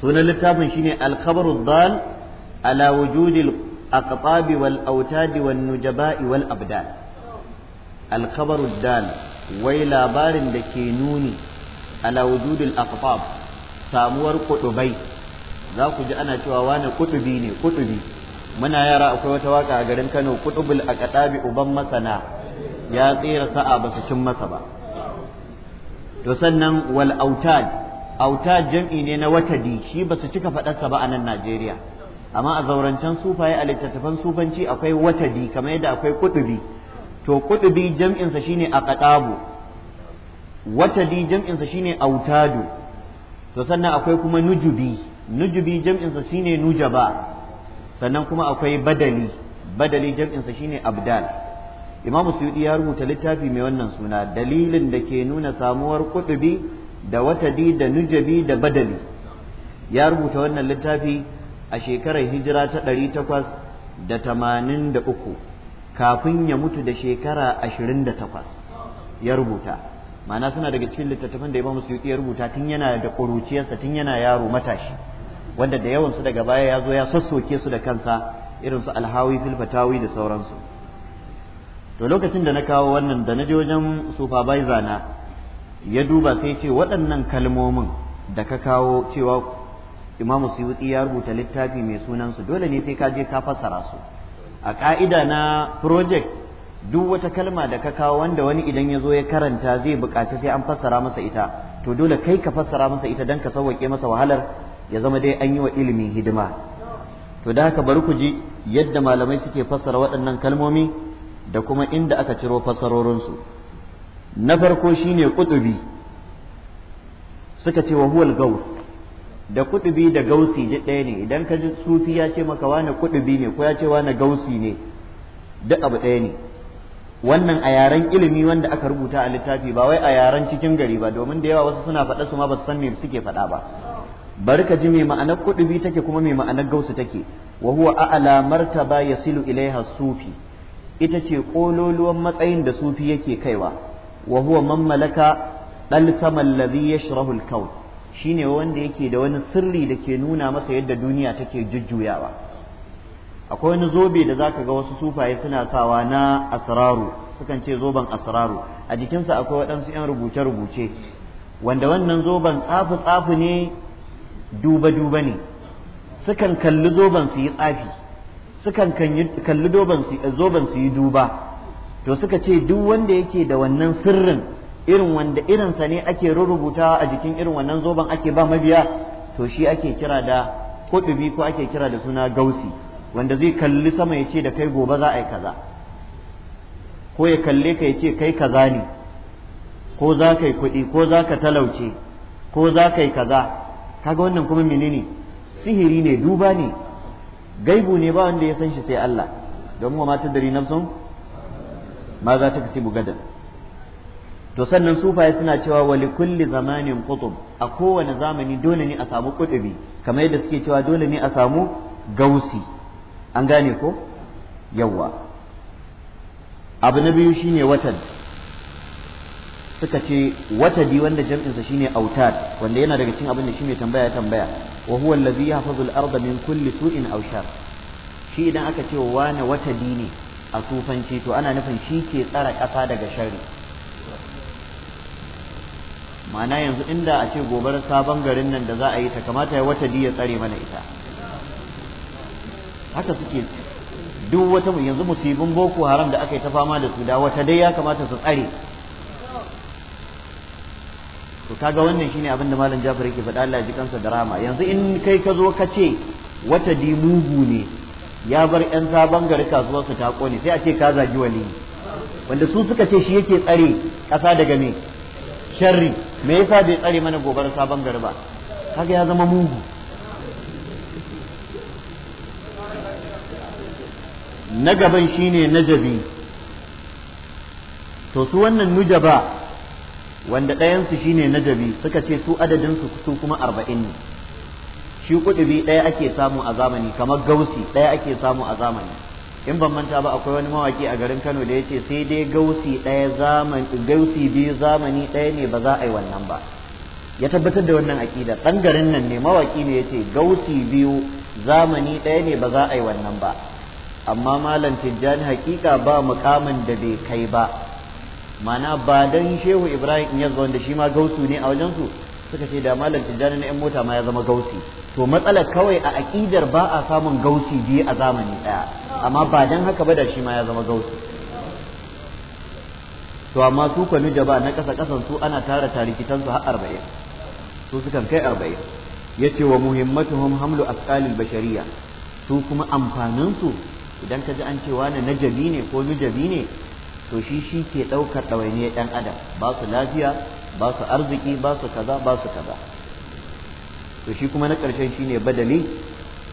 sunan littafin shine alkhabaru dal ala wujudil aqtabi wal autadi wan nujaba'i wal abdal alkabarud wai labarin da ke nuni ala wujudil aqtab samuwar kuɗubai za ku ji ana cewa wani kutubi ne kutubi muna yara akwai wata waka a garin Kano kutubul aqtabi uban masana ya tsira sa'a ba su cin masa ba to sannan wal autad autad jam'i ne na watadi shi ba su cika faɗarsa ba a nan Najeriya amma a zaurancen sufaye a littattafan sufanci akwai watadi kamar yadda akwai kutubi to kutubi jam'insa shine aqtabu watadi jam'insa shine autadu to sannan akwai kuma nujubi nujubi jam'insa shine nujaba sannan kuma akwai badali badali jam'insa shine abdal imam suyudi ya rubuta littafi mai wannan suna dalilin da ke nuna samuwar kutubi da watadi da nujabi da badali ya rubuta wannan littafi a shekarar hijira ta ɗari takwas da tamanin da uku kafin ya mutu da shekara ashirin da takwas ya rubuta mana suna daga cikin littattafan da Imam Suyuti ya rubuta tun yana da ƙuruciyarsa tun yana yaro matashi wanda da yawansu daga baya ya zo ya sassoke su da kansa irin su alhawi fil da sauransu to lokacin da na kawo wannan da na je wajen supervisor na ya duba sai ce waɗannan kalmomin da ka kawo cewa imamu suyuti ya rubuta littafi mai sunansu dole ne sai ka je ka fassara su a ƙa'ida na project duk wata kalma da ka kawo wanda wani idan ya zo ya karanta zai buƙaci sai an fassara masa ita to dole kai ka fassara masa ita don ka sauwaƙe masa wahalar ya zama dai an yi wa ilimin hidima to da haka bari ku ji yadda malamai suke fassara waɗannan kalmomi da kuma inda aka ciro fassarorinsu na farko shine ƙuɗubi suka ce wa huwal gaur da kutubi da gausi duk ɗaya ne idan ka ji sufi ya ce maka wani kutubi ne ko ya ce wani gausi ne duk abu ɗaya ne wannan a yaren ilimi wanda aka rubuta a littafi ba wai a yaren cikin gari ba domin da yawa wasu suna faɗa su ma ba su san me suke faɗa ba bari ka ji me ma'anar kudubi take kuma me ma'anar gausi take wa huwa a'la martaba yasilu ilaiha sufi ita ce kololuwan matsayin da sufi yake kaiwa wa huwa man dal sama alladhi yashrahu al-kawn Shi ne wanda yake da wani sirri da ke nuna masa yadda duniya take jujjuyawa akwai wani zobe da zaka ga wasu sufaye suna sawa na asraru sukan ce zoben asraru a jikinsa akwai waɗansu 'yan rubuce-rubuce wanda wannan zoben tsafi-tsafi ne duba-duba ne sukan kalli zoben su yi tsafi sukan kalli zoben su yi duba to suka ce duk wanda yake da wannan sirrin irin wanda irinsa ne ake rurrubutawa a jikin irin wannan zoben ake ba mabiya to shi ake kira da kuɗubi ko ake kira da suna gausi wanda zai kalli sama ya ce da kai gobe za a yi kaza ko ya kalle ka ya ce kai kaza ne ko za ka yi kuɗi ko za ka talauce ko za ka yi kaza kaga wannan kuma menene sihiri ne duba ne gaibu ne ba wanda ya san shi sai Allah don wa ma dari nafsun ma za ta kasibu gadan to sannan sufaye suna cewa wali kulli zamanin qutub a kowane zamani dole ne a samu kutubi kamar yadda suke cewa dole ne a samu gausi an gane ko Yawwa. abu na biyu shine watan suka ce watadi wanda jam'insa shine autad wanda yana daga cikin abin da shi tambaya ya tambaya wa huwa allazi yahfazu al-ardha min kulli su'in aw shar shi idan aka ce wani watadi ne a sufanci to ana nufin shi ke tsara ƙasa daga sharri ma'ana yanzu inda a ce gobar sabon garin nan da za a yi ta kamata ya wata diya tsare mana ita haka suke duk wata yanzu musibin boko haram da aka yi ta fama da su da wata dai ya kamata su tsare to kaga wannan shine abin da malam Jafar yake faɗa Allah ji kansa da rama yanzu in kai ka zo ka ce wata di ne ya bar yan sabon gari kasuwar su ta kone sai a ce ka zagi wani wanda su suka ce shi yake tsare ƙasa daga me sharri me yasa bai tsare mana gobar sabon gari ba ya zama mugu na gaban shine najabi to su wannan nujaba wanda ɗayansu shine najabi suka ce su adadinsu su kuma arba'in ne shi kudubi ɗaya ake samu a zamani kamar gausi ɗaya ake samu a zamani in ban manta ba akwai wani mawaki a garin Kano da yace sai dai gausi ɗaya zaman gausi biyu zamani ɗaya ne ba za a yi wannan ba ya tabbatar da wannan akida ɗan garin nan ne mawaki ne yace gausi biyu zamani ɗaya ne ba za a yi wannan ba amma malam Tijjani hakika ba mukamin da bai kai ba mana ba dan Shehu Ibrahim ya zo wanda shi ma gausu ne a wajen su suka ce da malam tijjani na 'yan mota ma ya zama gausi to matsalar kawai a aƙidar ba a samun gausi biyu a zamani ɗaya amma ba dan haka ba da shi ma ya zama gausi to amma su kwani da ba na ƙasa ƙasan su ana tara tarikitansu har arba'in su sukan kai arba'in ya ce wa muhimmatuhum hamlu asqalil bashariya su kuma amfaninsu idan ka ji an ce na najabi ne ko nujabi ne to shi shi ke ɗaukar ɗawainiyar ɗan adam ba su lafiya ba su arziki ba su kaza ba su kaza to shi kuma na ƙarshen shine badali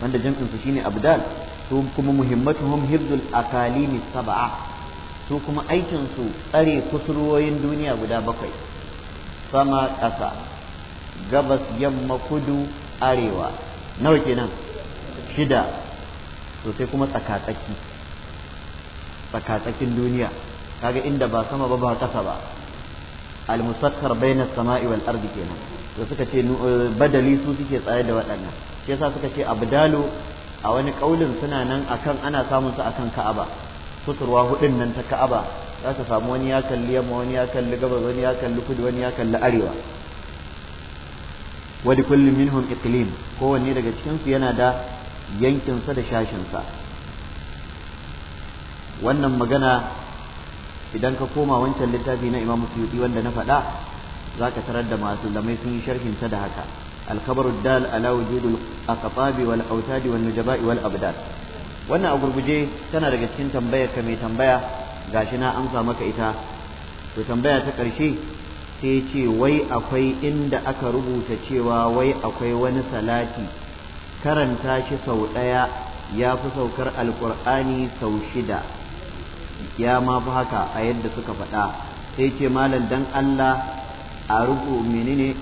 wanda jinsinsu shine abdal su kuma muhimmatuhum hibdul akalimi sab'a su kuma aikinsu tsare kusurwoyin duniya guda bakwai sama ƙasa gabas yamma kudu arewa nawa kenan shida to sai kuma tsakatsaki tsakatsakin duniya kaga inda ba sama ba ba ƙasa ba al-musakhkhar bayna samai wal ardi kenan da suka ce eh, badali su suke tsaye da waɗannan shi yasa suka ce abdalu a wani kaulin suna nan akan ana samun su akan ka'aba suturwa hudun nan ta ka'aba za ta samu wani ya kalli yamma wani ya kalli gabas wani ya kalli kudu wani ya kalli arewa wa kulli minhum iqlim kowanne daga cikin su yana da yankinsa da shashinsa wannan magana idan ka koma wancan littafi na Imam Suyuti wanda na faɗa zaka tarar da masu lamai sun yi sharhin ta da haka al-khabaru dal ala wujudul aqtabi wal autadi wan nujaba'i wal abdal wannan agurguje tana daga cikin tambayar ka mai tambaya gashi na amsa maka ita to tambaya ta ƙarshe sai ce wai akwai inda aka rubuta cewa wai akwai wani salati karanta shi sau ɗaya ya fi saukar alƙur'ani sau shida ya ma fi haka a yadda suka faɗa sai ce malam dan Allah a rubu menene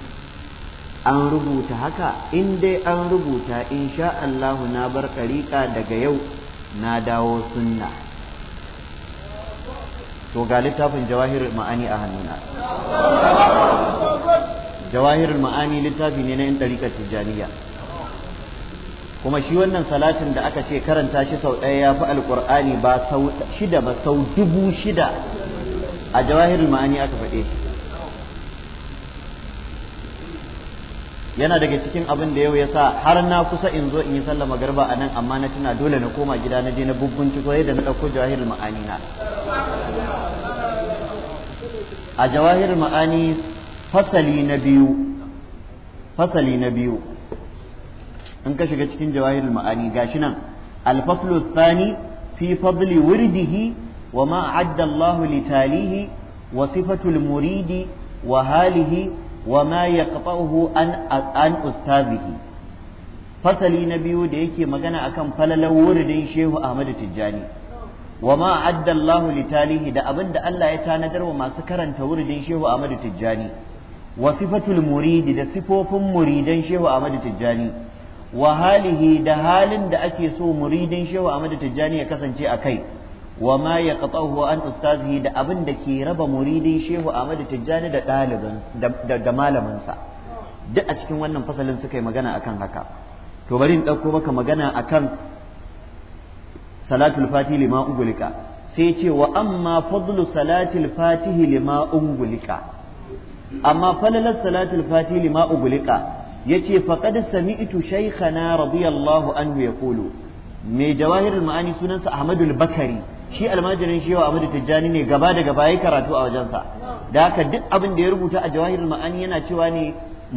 an rubuta haka in dai an rubuta in sha Allah na bar ƙariƙa daga yau na dawo sunna to ga littafin jawahirul ma'ani a hannuna jawahirul ma'ani littafi ne na yan ɗariƙar tijjaniya kuma shi wannan salatin da aka ce karanta shi sau ɗaya ya fi alƙur'ani ba sau shida ba sau dubu shida a jawahirul ma'ani aka faɗe yana daga cikin abin da yau ya sa har na kusa in zo in yi sallah magarba a nan amma na tuna dole na koma gida na je na bubbunci ciko yadda na ɗauko jawahirul ma'ani na a jawahirul ma'ani fasali na biyu fasali na biyu in ka shiga cikin jawahirul ma'ani gashi nan al-faslu thani fi fadli wirdihi wa ma a'adda Allah li talihi wa sifatul muridi wa halihi wa ma yaqta'uhu an an fasali na biyu da yake magana akan falalar wuridin Shehu Ahmadu Tijjani wa ma a'adda Allah li talihi da abinda Allah ya tanadar wa masu karanta wuridin Shehu Ahmadu Tijjani wa sifatul muridi da sifofin muridan Shehu Ahmadu Tijjani wa halihi da halin da ake so muridin shehu Ahmad Tijjani ya kasance a kai wa ma qatahu an ustazihi da abin da ke raba muridin shehu Ahmad Tijjani da daliban da malaminsa duk a cikin wannan fasalin suka yi magana akan haka to bari in ɗauko maka magana akan salatul Fatih lima ungulika sai ce wa amma fadlu salatul fatihi lima ungulika amma falalar salatul Fatih lima ungulika yace faqad sami'tu shaykhana radiyallahu anhu yaqulu mai jawahirin ma'ani sunansa Ahmadu Bakari shi almajirin shewa Ahmadu Tijjani ne gaba da gaba karatu a wajensa da haka duk abin da ya rubuta a jawahirul ma'ani yana cewa ne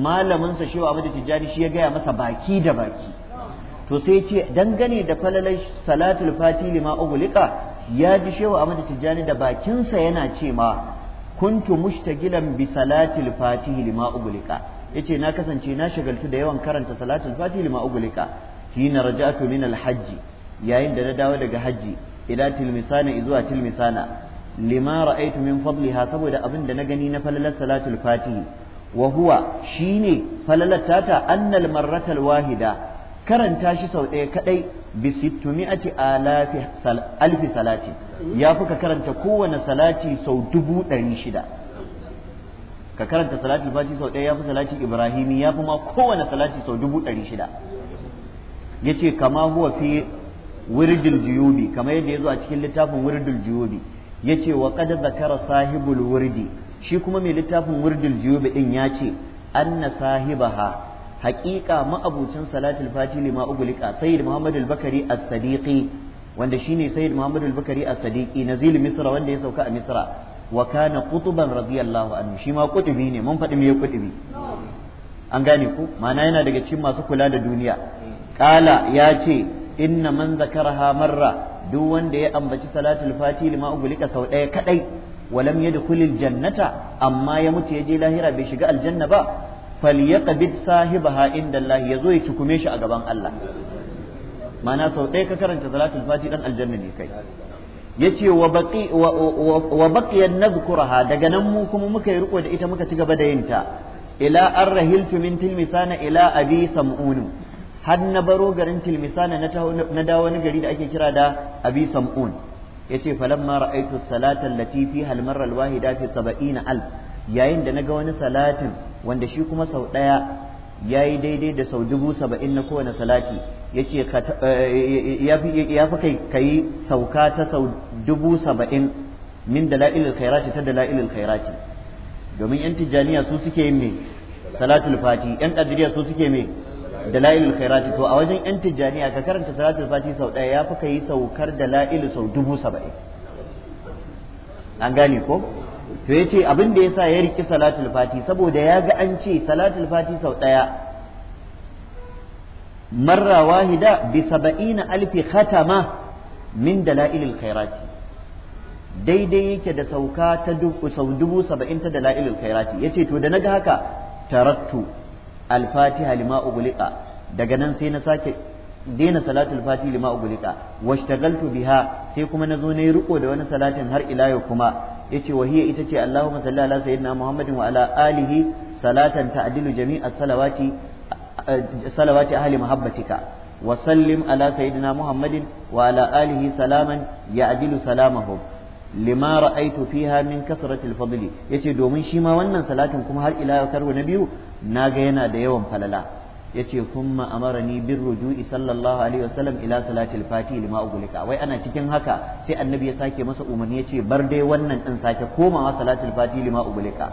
malaminsa sa Tijjani shi ya gaya masa baki da baki to sai ce dangane da falalar salatul fati lima ugulika ya ji shewa Ahmadu Tijjani da bakinsa yana ce ma kuntu mushtagilan bi salatul fati lima ugulika. yace na kasance na shagaltu da yawan karanta salatul fati lima ugulika hina raja'tu min alhajji yayin da na dawo daga hajji ila tilmisana izuwa tilmisana lima ra'aytu min fadliha saboda abin da na gani na falalar salatul fatihi wa huwa shine falalar tata annal marratal wahida karanta shi sau ɗaya kadai bi sittumi'ati alafi alfi salati ya fuka karanta kowane salati sau dubu ɗari shida ka karanta salatul fati sau ɗaya ya yafi salati ibrahimi yafi ma kowane salati sau dubu ɗari shida yace kama huwa fi wirdil juyubi kamar yadda ya zo a cikin littafin wirdil juyubi yace wa qad zakara sahibul wurdi shi kuma mai littafin wirdil juyubi ya ce? anna sahibaha haƙiƙa ma'abucin salatul fati lima ugulika sayyid muhammad al-bakari as-sadiqi wanda shine sayyid muhammad al-bakari as-sadiqi nazil misra wanda ya sauka a misra wa kana qutuban radiyallahu anhu shi ma ne mun faɗi me qutubi an gane ku ma'ana yana daga cikin masu kula da duniya qala ya ce inna man zakaraha marra duk wanda ya ambaci salatul fati lima ugulika sau ɗaya kadai walam yadkhulil jannata amma ya mutu ya je lahira bai shiga aljanna ba falyaqbid sahibaha inda Allah yazo ya cikume shi a gaban Allah ma'ana sau ɗaya ka karanta salatul fati dan aljanna ne kai yace wa baqi wa baqiya nadhkuraha daga nan mu kuma muka yi riko da ita muka ci gaba da yin ta ila an min tilmisana ila abi sam'un har na baro garin tilmisana na dawo wani gari da ake kira da abi sam'un yace falamma ra'aytu salata allati fiha al-marra fi wahida fi yayin da naga wani salatin wanda shi kuma sau daya ya yi daidai da sau dubu saba'in na kowane salati eh, eh, eh, ya ce ya fi kai ka yi sauka ta sau dubu saba'in min da la'ilil khairati ta da la'ilil khairati domin yan tijjaniya su suke yin me salatul fati yan qadiriya su suke me da la'ilil khairati to a wajen yan tijjaniya ka karanta salatul fati sau ɗaya ya fi ka yi saukar da la'ilil sau dubu saba'in an gane ko to ya ce abin da ya sa ya riki salatul fati saboda ya ga an ce salatul fati sau ɗaya marra wahida bi saba'ina alfi khatama min dala'ilil khairati daidai yake da sauka ta sau dubu saba'in ta dala'ilil khairati ya ce to da na ga haka tarattu alfati halima ughliqa daga nan sai na sake daina salatul fati lima ugulika washtagaltu biha sai kuma nazo ne riko da wani salatin har ila yau kuma yace wahiya ita ce Allahumma salli ala sayyidina Muhammadin wa ala alihi salatan ta'dilu Jami'a salawati eh, salawati ahli muhabbatika wa sallim ala sayyidina Muhammadin wa ala alihi salaman ya'dilu salamahum lima ra'aitu fiha min kasratil fadli yace domin shi ma wannan salatin kuma har ila yau karwa na biyu naga yana da yawan falala yace thumma ni bin ruju'i sallallahu alaihi wasallam ila salatil fati lima ugulika wai ana cikin haka sai annabi ya sake masa umarni ya ce bar dai wannan din sake komawa salatil fati lima ugulika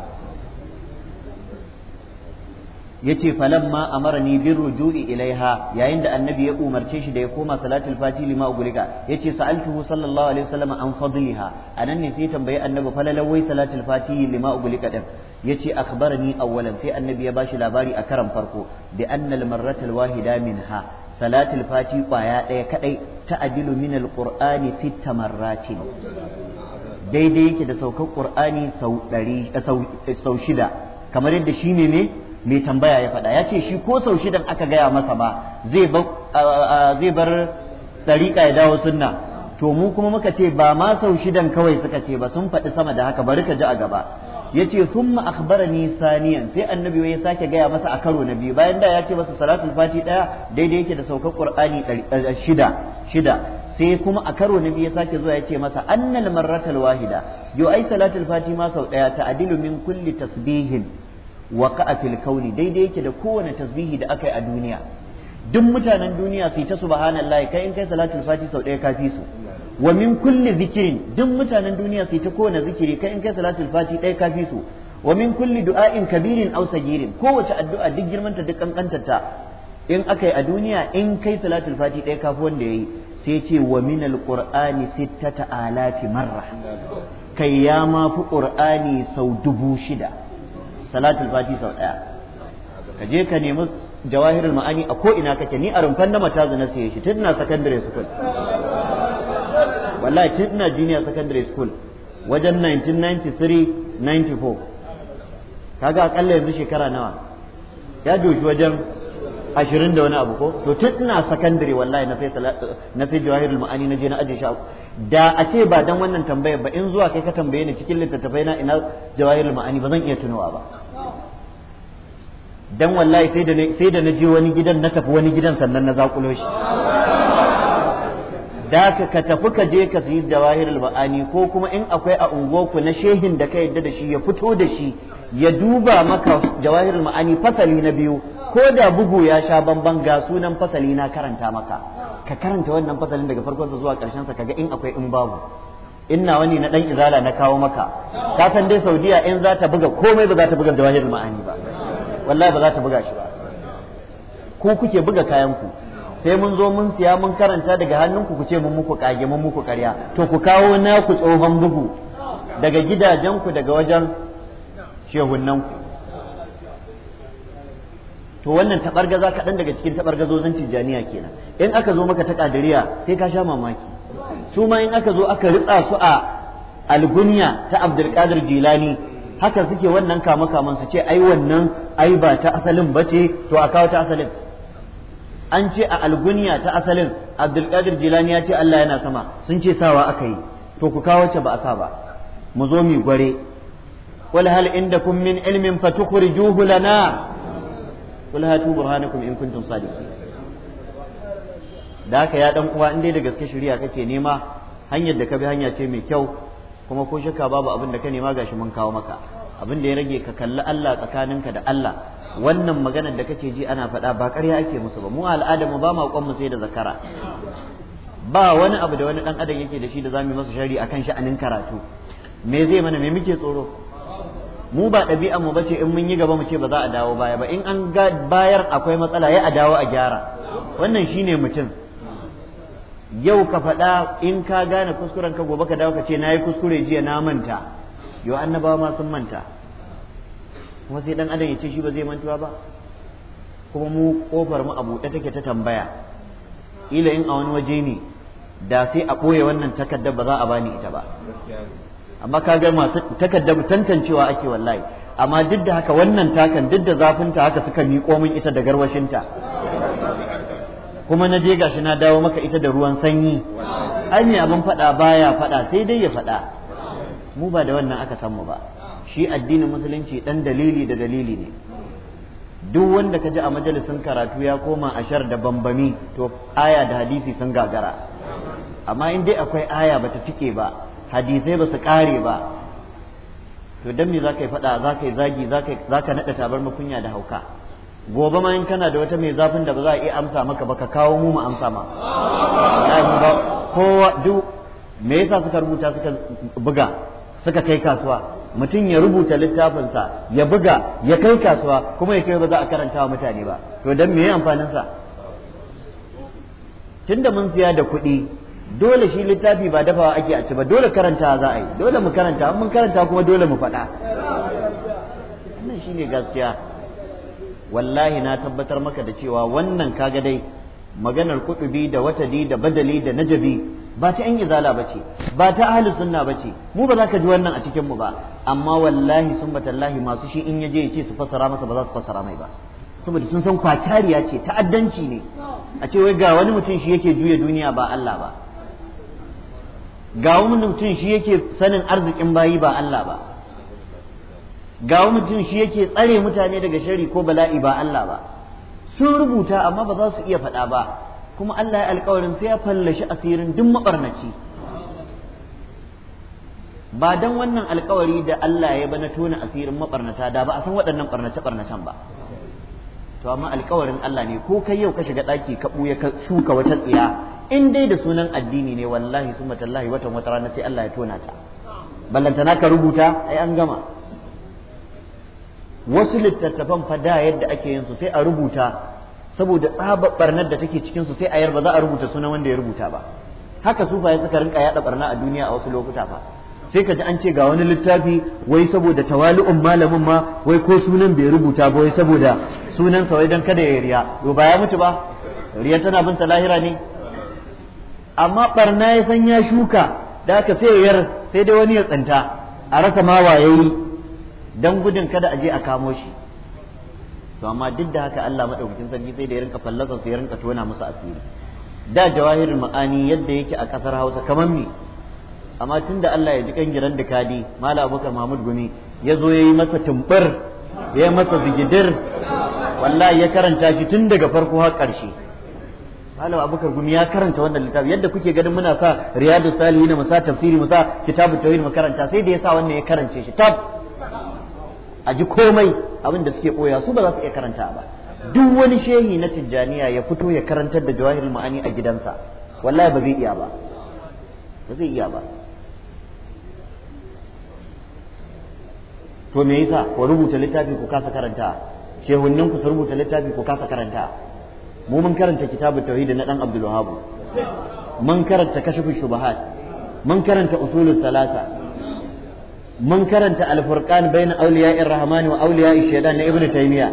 yace falamma ni bir ruju'i ilaiha yayin da annabi ya umarce shi da ya koma salatul fati lima ugulika yace sa'altuhu sallallahu alaihi wasallam an fadliha anan ne sai tambayi annabi falalawai salatul fati lima ugulika din yace akhbarani awwalan sai annabi ya bashi labari a karan farko bi annal marratal wahida minha salatul fati kwaya daya kadai ta'dilu min alqur'ani sitta marratin daidai yake da saukar qur'ani sau 100 eh, eh, sau shida kamar yadda shi ne me. mai tambaya ya faɗa ya ce shi ko sau shidan aka gaya masa ba zai bar ɗariƙa ya dawo sunna to mu kuma muka ce ba ma sau shidan kawai suka ce ba sun faɗi sama da haka bari ka ji a gaba ya ce sun akhbarani saniyan sai annabi ya sake gaya masa a karo na biyu bayan da ya ce masa salatul fati ɗaya daidai yake da saukar qur'ani shida shida sai kuma a karo na biyu ya sake zuwa ya ce masa annal marratal wahida yo ai salatul fati ma sau ɗaya ta adilu min kulli tasbihin waqa'a fil kauni daidai yake da kowane tasbihi da aka yi a duniya duk mutanen duniya su yi ta subhanallah kai in kai salatul fati sau ɗaya kafi su wa min kulli zikirin duk mutanen duniya su yi ta kowane zikiri kai in kai salatul fati ɗaya kafi su wa min kulli du'a'in kabirin aw sagirin kowace addu'a duk girmanta duk kankantarta in aka yi a duniya in kai salatul fati ɗaya kafi wanda yayi sai ce wa min alqur'ani sittata alafi marra kai ya ma fi qur'ani sau dubu shida salatul fati sau ɗaya ka je ka nemi jawahirul ma'ani a ko ina kake ni a rumfan na matazu na siye shi tun na secondary school wallahi tun ina junior secondary school wajen 1993 94 kaga akalla yanzu shekara nawa ya doshi wajen ashirin da wani abu ko to tun ina sakandare wallahi na sai na sai jawahirul ma'ani na je na aje shi da a ce ba dan wannan tambayar ba in zuwa kai ka tambaye ni cikin littattafai na ina jawahirul ma'ani ba zan iya tunowa ba dan wallahi sai da sai da naje wani gidan na tafi wani gidan sannan na zakulo shi da ka ka tafi ka je ka sayi jawahirul ma'ani ko kuma in akwai a unguwarku na shehin da ka yadda da shi ya fito da shi ya duba maka jawahirul ma'ani fasali na biyu ko da bugu ya sha bamban ga sunan fasali na karanta maka ka karanta wannan fasalin daga farkon sa zuwa karshen sa kaga in akwai in babu inna wani na dan izala na kawo maka ka san dai saudiya in za ta buga komai ba za ta buga jawahirul ma'ani ba wallahi ba za ta buga shi ba ku kuke buga kayan ku sai mun zo mun siya mun karanta daga hannunku ku ce mun muku kage mun muku karya to ku kawo naku tsohon bugu daga gidajenku daga wajen shehunanku. to wannan tabargaza kaɗan daga cikin tabargazozin tijjaniya kenan in aka zo maka ta kadiriya sai ka sha mamaki su ma in aka zo aka ritsa su a algunya ta abdulkadir jilani haka suke wannan kama kaman su ce ai wannan ai ba ta asalin ba ce to a kawo ta asalin an ce a algunya ta asalin abdulkadir jilani ya ce Allah yana sama sun ce sawa aka yi to ku kawo ta ba a sa ba mu zo mu gware wal hal indakum min ilmin fatukhrijuhu lana qul hatu burhanakum in kuntum sadiqin da haka ya dan uwa in dai da gaske shari'a kake nema hanyar da ka bi hanya ce mai kyau kuma ko shakka babu abin da ka nema gashi mun kawo maka abin da ya rage ka kalli Allah tsakaninka da Allah wannan maganar da kake ji ana faɗa ba ƙarya ake musu ba mu al'ada mu ba ma mu sai da zakara ba wani abu da wani ɗan adam yake da shi da zamu masa shari akan sha'anin karatu me zai mana me muke tsoro mu ba dabi'an mu bace in mun yi gaba mu ce ba za a dawo baya ba in an ga bayar akwai matsala ya a dawo a gyara wannan shine mutum yau ka faɗa in ka gane kuskuren ka gobe ka dawo ka ce na yi kuskure jiya na manta yau annabawa ma sun manta kuma sai dan adam ya ce shi ba zai mantuwa ba kuma mu kofar mu a buɗe take ta tambaya ila in a wani waje ne da sai a ɓoye wannan takardar ba za a bani ita ba amma ka ga masu takardar tantancewa ake wallahi amma duk da haka wannan takan duk da zafinta haka suka miƙo min ita da garwashinta kuma na je gashi na dawo maka ita da ruwan sanyi an yi abin faɗa baya faɗa sai dai ya faɗa mu ba da wannan aka san mu ba shi addinin musulunci dan dalili da dalili ne duk wanda ka ji a majalisin karatu ya koma ashar da bambami to aya da hadisi sun gagara amma in dai akwai aya bata cike ba hadisai ba su kare ba to dan me zaka yi faɗa zaka yi zagi zaka zaka naɗa tabar makunya da hauka gobe ma in kana da wata mai zafin da ba za a iya amsa maka ba ka kawo mu mu amsa ma kowa duk me yasa suka rubuta suka buga suka kai kasuwa mutum ya rubuta littafinsa ya buga ya kai kasuwa kuma ya ce ba za a karanta wa mutane ba to dan me amfanin sa tunda mun siya da kuɗi dole shi littafi ba dafawa ake a ci ba dole karanta za a yi dole mu karanta mun karanta kuma dole mu faɗa wannan shine gaskiya wallahi na tabbatar maka da cewa wannan kaga dai maganar kutubi da watadi da badali da najabi ba ta yan izala ba ce ba ta ahli sunna ba ce mu ba za ka ji wannan a cikin mu ba amma wallahi sun batallahi masu shi in yaje ya ce su fassara masa ba za su fassara mai ba saboda sun san kwatariya ce ta'addanci ne a ce wai ga wani mutum shi yake juya duniya ba Allah ba ga wani mutum shi yake sanin arzikin bayi ba Allah ba ga mutum shi yake tsare mutane daga shari ko bala'i ba Allah ba sun rubuta amma ba za su iya faɗa ba kuma Allah ya alƙawarin sai ya fallashi asirin duk mabarnaci ba dan wannan alƙawari da Allah ya bana tona asirin mabarnata da ba a san waɗannan barnace barnacen ba to amma alƙawarin Allah ne ko kai yau ka shiga ɗaki ka buya ka shuka wata tsiya in dai da sunan addini ne wallahi summa tallahi watan wata rana sai Allah ya tona ta ballantana ka rubuta ai an gama wasu littattafan fa da yadda ake yin su sai a rubuta saboda tsaba barnar da take cikin su sai a yarba za a rubuta sunan wanda ya rubuta ba haka sufaye suka rinka yada barna a duniya a wasu lokuta fa sai ka ji an ce ga wani littafi wai saboda tawali'un malamin ma wai ko sunan bai rubuta ba wai saboda sunan sa wai dan kada ya riya to ba ya mutu ba riya tana bin sa lahira ne amma barna ya san ya shuka da aka sai yar sai dai wani ya tsanta a rasa ma wayayi dan gudun kada a je a kamo shi to amma duk da haka Allah madaukakin sarki sai da ya rinka fallasa su ya rinka tona musu asiri da jawahirul ma'ani yadda yake a kasar Hausa kamar me amma tunda Allah ya ji kangiran dikadi mala abubakar mahmud gumi ya zo ya yi masa tumbur ya masa zigidir wallahi ya karanta shi tun daga farko har ƙarshe malam abubakar gumi ya karanta wannan littafi yadda kuke ganin muna sa riyadu salihin mu sa tafsiri mu sa kitabu tauhid mu karanta sai da ya sa wannan ya karance shi tab a ji komai abin da suke koya su ba za su iya karanta ba duk wani shehi na tijjaniya ya fito ya karantar da jawahirul ma'ani a gidansa wallahi ba zai iya ba ba zai iya ba to me yasa ku rubuta littafi ku kasa karanta shehunnin ku su rubuta littafi ku kasa karanta mu mun karanta kitabut tauhid na dan abdul wahhab mun karanta kashfus shubahat mun karanta usulus salasa mun karanta alfurqan bayna awliya'ir rahmani wa awliya'ish shaitan na ibnu taymiya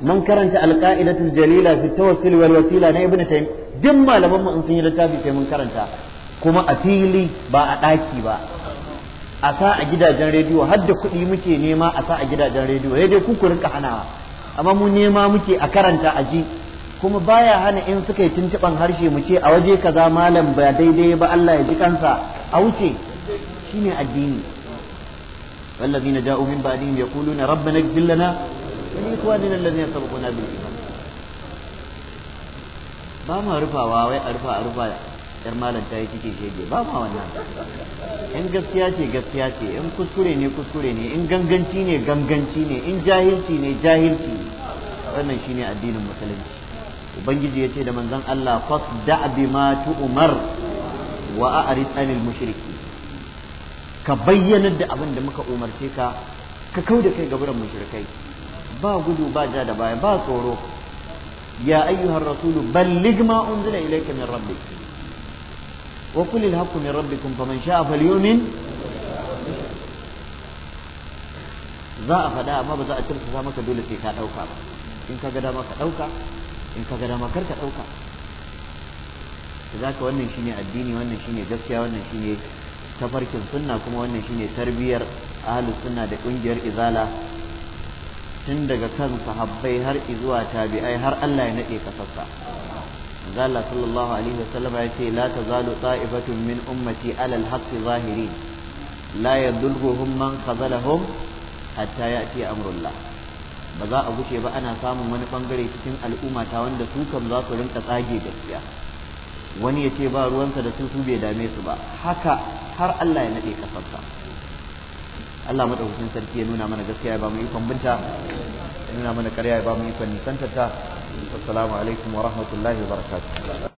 mun karanta alqa'idatul jalila fi tawassul wal na ibnu taymiya duk malaman mu sun yi littafi sai mun karanta kuma a fili ba a daki ba a sa a gidajen rediyo har da kuɗi muke nema a sa a gidajen rediyo ya dai ku rinka hanawa amma mu nema muke a karanta a ji kuma baya hana in suka yi harshe mu ce a waje kaza malam ba daidai ba Allah ya ji kansa a wuce shine addini والذين جاءوا من بعدهم يقولون ربنا اغفر لنا ولإخواننا الذين سبقونا بالإيمان ba ma rufawa wai a rufa a rufa yar malam ta yi cike shege ba ma wannan in gaskiya ce gaskiya ce in kuskure ne kuskure ne in ganganci ne ganganci ne in jahilci ne jahilci wannan shine addinin musulunci ubangiji ya ce da manzon Allah fasda bima tu'mar wa a'rid anil mushriki ka bayyanar da abin da muka umarce ka ka kau da kai gaburan mushrikai ba gudu ba ja da baya ba tsoro ya ayyuhar rasul balligh ma unzila ilayka min rabbik wa qul al haqqi min rabbikum faman sha'a falyu'min za a fada amma ba za a tursa maka dole sai ka dauka ba in ka ga dama ka dauka in ka ga dama kar ka dauka zaka wannan shine addini wannan shine gaskiya wannan shine tafarkin sunna kuma wannan shine tarbiyar ahlus sunna da kungiyar izala tun daga kan sahabbai har izuwa tabi'ai har Allah ya nade kasarsa Allah sallallahu alaihi wasallam ya ce la tazalu ta'ifatun min ummati ala al-haqqi zahirin la yadulluhum man khazalahum hatta ya'ti amrullah ba za a bushe ba ana samun wani bangare cikin al'umma ta wanda su kam za su rinka tsage gaskiya wani ya ce ba ruwansa da su su bai dame su ba haka har Allah ya naɗe ƙasarsa Allah madaukakin sarki ya nuna mana gaskiya ya ba mu yi binta ya nuna mana karya ya ba mu ikon nisantarta assalamu alaikum wa rahmatullahi wa barakatuh